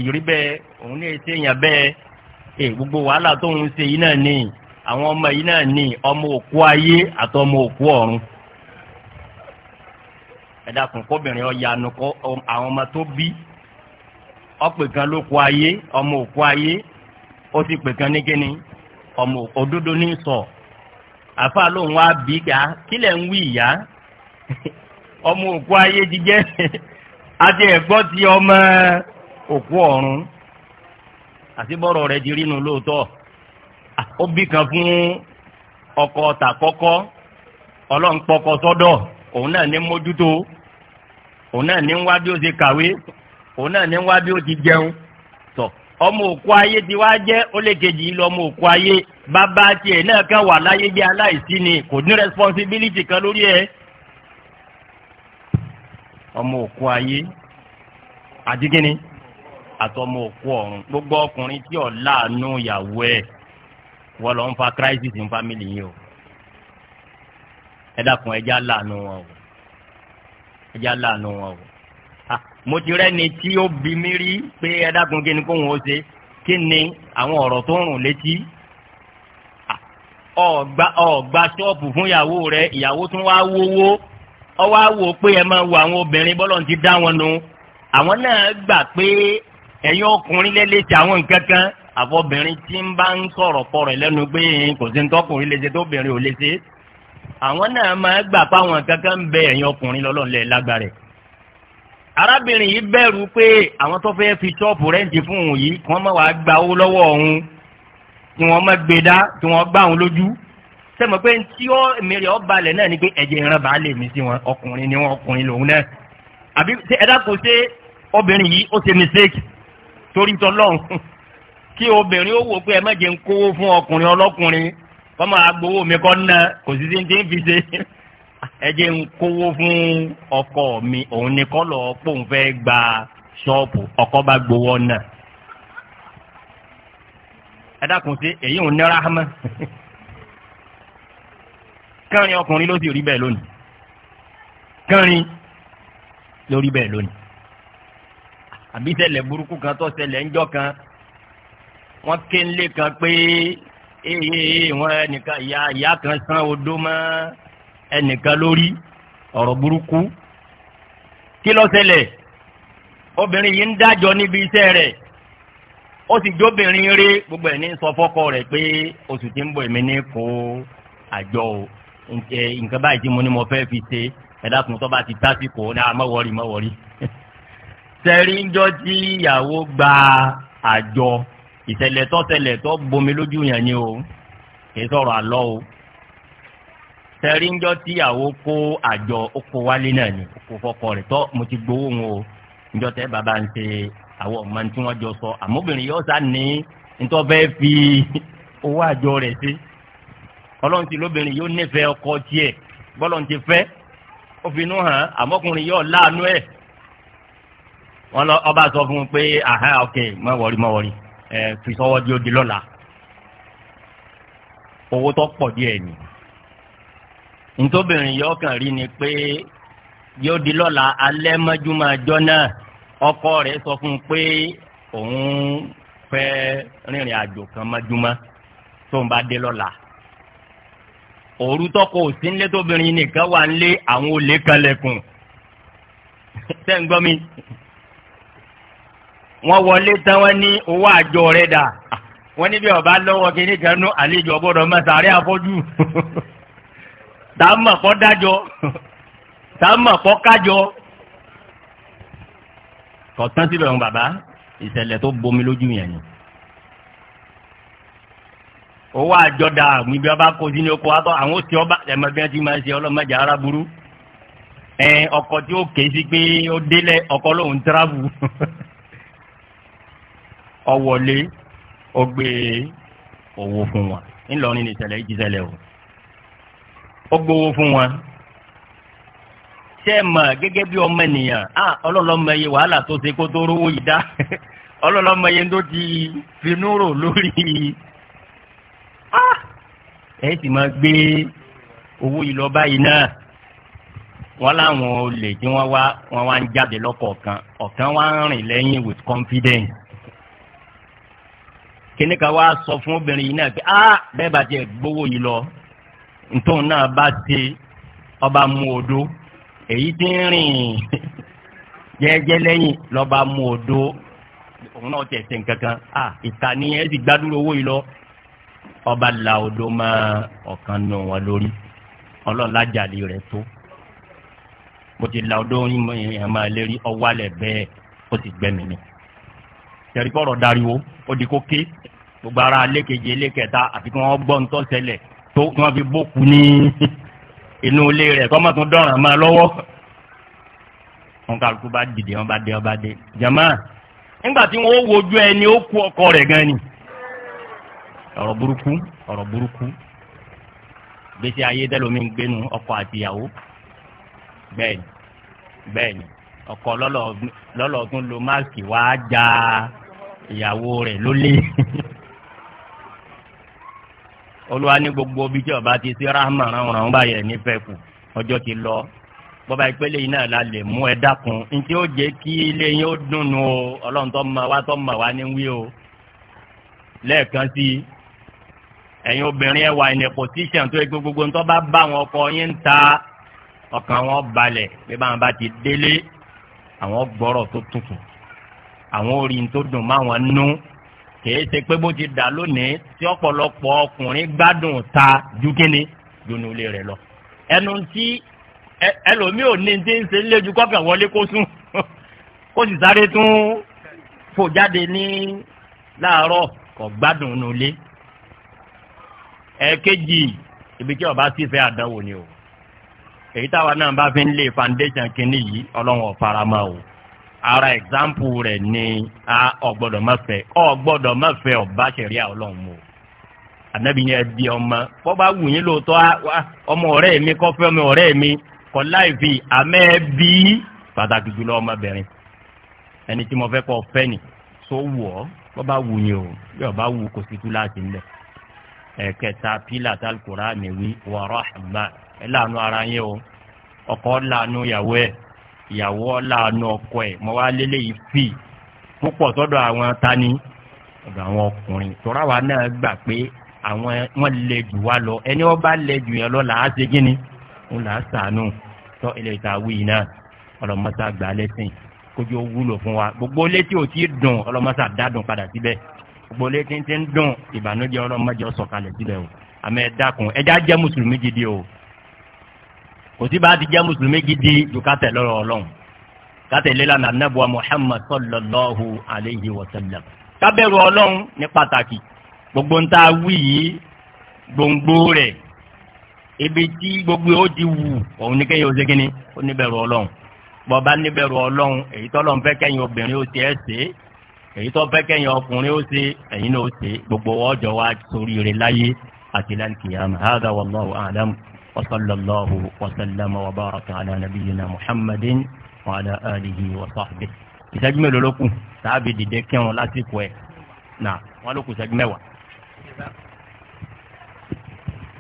[SPEAKER 1] ẹ eh, gbogbo wàhálà tó ń ṣe yìí náà ní àwọn ọmọ yìí náà ní ọmọ òkú ayé àti ọmọ òkú ọ̀run ẹ dákun kóbìnrin àwọn ọmọ tó bí ọ̀pẹ̀ kan ló ayé ọmọ òkú ayé ó sì kan ní kíni ọmọ òdodo ní sọ àfa wá bí ká ayé ti àti ti ọmọ àti bọ́rọ̀ rẹ̀ di rínu lóòótọ́ ó bí kan fún ọkọ tàkọ́kọ́ ọlọ́npọkọ sọ́dọ̀ òun náà ní mójútó òun náà ní wá bí ó ti kàwé òun náà ní wá bí ó ti jẹun tọ̀ ọmọ òkú ayé ti wá jẹ́ ó lè kejì lọ ọmọ òkú ayé bàbá tiẹ̀ náà kàn wà láyé bí aláìsí ni kò ní responsibility kan lórí ẹ̀ ọmọ òkú ayé àti àtọmọ òkú ọ̀run gbogbo ọkùnrin tí ò láàánú ìyàwó ẹ̀ wọ́n lọ ń fa crisis ń family yìí o ẹ dákun ẹ já láàánú wọn o ẹ láàánú wọn o ah, mo ti rẹ́ni tí ó bi mí rí pé ẹ dákun kí ni kóhun ó ṣe kí ni àwọn ọ̀rọ̀ tó ń rùn létí ọ̀gbà ah, ọ̀gbà ṣọ́ọ̀bù fún ìyàwó rẹ ìyàwó tún wá wówó ọ wá wò ó pé ẹ máa wo àwọn obìnrin bọ́lọ̀ ti dá wọn nu àwọn náà gbà pé ẹ̀yin ọkùnrin lẹ́lẹ́sẹ̀ àwọn nǹkan kan àfọbìnrin tí ń bá ń sọ̀rọ̀ pọ̀ rẹ̀ lẹ́nu pé kò sí tọkùnrin lè ṣe tóbìnrin ò lè ṣe àwọn náà máa gbà fáwọn nǹkan kan ń bẹ ẹ̀yin ọkùnrin lọ́lọ́ọ̀lẹ́ lágbára ẹ̀ arábìnrin yìí bẹ̀rù pé àwọn tó fẹ́ fi ṣọ́ọ̀bù rẹ́ǹtì fún òun yìí kí wọ́n má wàá gba owó lọ́wọ́ òun kí wọ́n má gbé dá kí wọ́n gbá òun lójú sẹ́mi pé tí ó mèrè ọ́ balẹ̀ náà ni pé ẹ̀jẹ̀ ìran bá lè mí sí wọn ọkùnrin ni wọn ọkùnrin obìnrin yìí ó ṣe mistake torí tọlọ́run kí obìnrin ó wò pé ẹ má jẹ́ ń kówó fún ọkùnrin ọlọ́kùnrin kọ́ máa gbowó mi kọ́ ná kò sí sí ti ń fi ṣe ẹ jẹ́ ń kówó fún ọkọ mi òun ni kọ́ lọ́ọ́ pòun fẹ́ gba ṣọ́ọ̀pù ọkọ bá gbowó náà ẹ dákun sí èyí ò nira hama kẹrin ọkùnrin ló sì rí bẹ́ẹ̀ lónìí kẹrin ló rí bẹ́ẹ̀ lónìí àbí ṣẹlẹ̀ burúkú kan tó ṣẹlẹ̀ ńjọ́ kan wọ́n ké ńlé kan pé ee wọn ẹnìkan ìyá ìyá kan san odó mọ́ ẹnìkan lórí ọ̀rọ̀ burúkú kí ló ṣẹlẹ̀ obìnrin yìí ń dájọ́ níbi iṣẹ́ rẹ̀ ó sì jóbìnrin rí gbogbo ẹ̀ ní sọ fọ́kọ rẹ̀ pé oṣù tí ń bọ̀ èmi ní kó àjọ o nǹkan báyìí tí mo ní mo fẹ́ fi ṣe ẹ̀dá tuntun tó bá ti tásìkò ní àmọ́wọ́rì ah, mọ́wọ́rì sẹ́ríńjọ́ tí ìyàwó gba àjọ ìṣẹ̀lẹ̀ bomi lójú ni o kìí sọ̀rọ̀ àlọ́ o sẹ́ríńjọ́ tí ìyàwó kó àjọ ó wálé náà ni oko fọkọ tọ́ mo ti gbowó o níjọ́ tẹ bàbá ń ṣe àwọn ọmọ tí jọ sọ àmóbìnrin yóò sá ní nítorí fi owó àjọ rẹ̀ sí ọlọ́run ti lóbìnrin yóò ọkọ ti wọn lọ ọba sọ fún un pé aha ok má wọrí má wọrí ẹ fi sọwọ́ di odi lọ́la owó tó pọ̀ díẹ̀ ni ntòbìnrin yọ kàn rí ni pé yóò di lọ́la alẹ́ mọ́júmọ́ ọjọ́ náà ọkọ rẹ̀ sọ fún un pé òun fẹ́ rìnrìn àjò kan mọ́júmọ́ tó ń bá dé lọ́la òru tọkọ òsínlẹ̀ tóbìnrin nìkan wà ń lé àwọn olè kan lẹ́kùn tẹ́ ń gbọ́ mi wọ́n wọlé tán wọ́n ní owó àjọ rẹ̀ dà wọ́n níbi ọba lọ́wọ́ kìíní kan nú àlejò ọgbọ́dọ̀ mẹ́sàárẹ́ afọ́jú tá a mọ̀ kọ́ dájọ́ tá a mọ̀ kọ́ kájọ́ kọ̀tán síbẹ̀ wọn bàbá ìṣẹ̀lẹ̀ tó bomi lójú yẹn ni owó àjọ dà níbi ọba kò sí ní oko àtọ àwọn òsì ọba ẹ̀mọ ti máa ṣe ọlọ́mọdé ara burú ẹ ọkọ̀ tí ó ké pé ó délẹ̀ ọkọ̀ lòun tíráàbù. ọwọlé ó gbé owó fún wọn ńlọrin nìṣẹ̀lẹ̀ ìjìṣẹ̀lẹ̀ o ó gbowó fún wọn ṣe mọ gẹ́gẹ́ bí ọmọ ènìyàn a ọlọlọmọye wàhálà tó ṣe kó tó rówó yìí dá ọlọlọmọye tó ti finú rò lórí ẹ sì máa gbé owó yìí lọ báyìí náà wọn láwọn olè tí wọn wá wọn wá ń jáde lọ́kọ̀ọ̀kan ọ̀kan wá ń rìn lẹ́yìn with confidence kíní kan wá sọ fún obìnrin yìí náà pé a bẹ́ẹ̀ bá tiẹ̀ gbowó yìí lọ ntòun náà bá ti ọba mú odó èyí tí ń rìn jẹ́jẹ́ lẹ́yìn lọ́ba mú odó òun náà tẹ̀ sẹ́ nkankan a ìta ni ẹ sì gbádùn owó yìí lọ ọba la odó mọ́ ọ̀kan nù wọn lórí ọlọ́ọ̀lájàlè rẹ̀ tó mo ti la odó yìí mọ́ lérí ọwọ́ alẹ̀ bẹ́ẹ̀ ó sì gbẹ́mìí tẹ̀rípọ̀rọ̀ dariwo ó di kó ké gbogbo ara alékeje alékẹta àti kí wọ́n gbọ́ ntọ́ ṣẹlẹ̀ tó kí wọ́n fi bókù ní inú ilé rẹ̀ kọ́ mọ̀tún dọ̀ràn máa lọ́wọ́ wọn kálukú bá dìde wọn bá dé wọn bá dé jama nígbà tí wọn ó wojú ẹni ó kú ọkọ rẹ̀ gan ni ọ̀rọ̀ burúkú ọ̀rọ̀ burúkú gbèsè ayé dẹ́lómi ń gbénu ọkọ àtìyàwó bẹ́ẹ̀ni bẹ́ẹ̀ni ọkọ lọ́lọ́ tún lo máàkì wá já ìyàwó rẹ̀ ló lé olúwa ní gbogbo bí tí ọba ti sí rahma ránran wọn báyẹ nífẹ̀ẹ́ kù ọjọ́ ti lọ bọba ìpele yìí náà la lè mú ẹ dákun ntí ó jẹ́ kí ilé yín ó dùnnú o ọlọ́run tó mọ̀ wá tó mọ̀ wá ní wí o lẹ́ẹ̀kan sí i ẹ̀yin obìnrin ẹ̀ wà ní pòtíṣàn tó gbogbo gbogbo ntọ́ bá bá wọn kọ yín ta ọkàn wọn balẹ̀ bí báwọn bá ti délé àwọn gbọ́rọ̀ tó tuntun àwọn orin tó dùn máwọn nú kìí ṣe pé bó ti dà lónìí tí ọ̀pọ̀lọpọ̀ ọkùnrin gbádùn ta ju kíni dunu ilé rẹ̀ lọ ẹnu tí ẹlòmíì ò ní ti ń ṣe léjú kọ́kàn wọlé kó sùn kó sì sáré tún fò jáde ní láàárọ̀ kò gbádùn nulẹ̀ ẹ̀ẹ̀kejì ibi tí ọba sì àdánwò ni o èyí táwa náà bá fi ń lé foundation kínní yìí ọlọ́run ọ̀farama o ara ẹ̀gbáǹpù rẹ̀ ni a ọ̀gbọ́dọ̀ má fẹ́ ọ̀gbọ́dọ̀ má fẹ́ ọ̀bá ṣẹ̀rí ọlọ́run mu ànábì yẹn di ọmọ bọ́ba wù yín lóòótọ́ ọmọ ọ̀rẹ́ mi kọ́fẹ́ ọmọ ọ̀rẹ́ mi kọ́ láìfi àmẹ́ bí pàtàkì jùlọ ọmọbìnrin ẹni tí mo fẹ́ kọ́ fẹ́ ni tó wù ọ́ bọ́ba wù yín o yóò bá wù kò sí tú láti ẹ̀kẹta pílà tálkùrá nìwí wọ̀rọ̀ àgbà ẹ̀ láàánú ara yín o ọkọ láàánú ìyàwó ìyàwó ọ̀làánú ọkọ ẹ̀ mọ wá lélẹ̀ yìí fì púpọ̀ sọ́dọ̀ àwọn tani ọ̀dọ̀ àwọn ọkùnrin tọ́ra wa náà gbà pé àwọn wọn lè jù wá lọ ẹni wọn bá lè jù yẹn lọ là á ṣe kíni ń là á sànù tọ́ ilé ìtawí yìí náà ọlọ́mọṣá gbà lẹ́sìn kójú wúlò fún wa gbogbo létí ò tí ì dùn ọlọ́mọṣá dádùn padà síbẹ̀ gbogbo létí ti ń dùn ìbànújẹ́ ọlọ́mọjọ́ sọ̀kalẹ̀ síbẹ̀ o àmọ́ ẹ dákun ẹ já jẹ́ mùsùlùmí gidi o kò sí bá ti jẹ́ mùsùlùmí gidi ju ká tẹ̀lé ọ̀rọ̀ ọlọ́run ká tẹ̀lé lánàá nàbùwà muhammad sallallahu alayhi wa sallam ká bẹ̀rù ọlọ́run ní pàtàkì gbogbo ń ta wí yìí gbòǹgbò rẹ̀ ibi tí gbogbo ó ti wù òun ní kéye oṣù kínní ó níbẹ̀rù ọlọ́run bọ́ba níbẹ̀rù ọlọ́run èyí tó lọ́n fẹ́ kẹ́yìn obìnrin ó ti ẹ̀ ṣe èyí tó fẹ́ kẹ́yìn ọkùnrin ó ṣe ẹ̀yin náà ó ṣe gbogbo ọjọ́ wa sórí rẹ̀ láyé àti láǹkìyàmù hàdà wallahu a'lam. وصلى الله وسلم وبارك على نبينا محمد وعلى آله وصحبه ìṣẹ́jú mélòó ló kù tàbí dìde kírun lásìkò ẹ̀ náà wọ́n ló kù ìṣẹ́jú mẹ́wàá.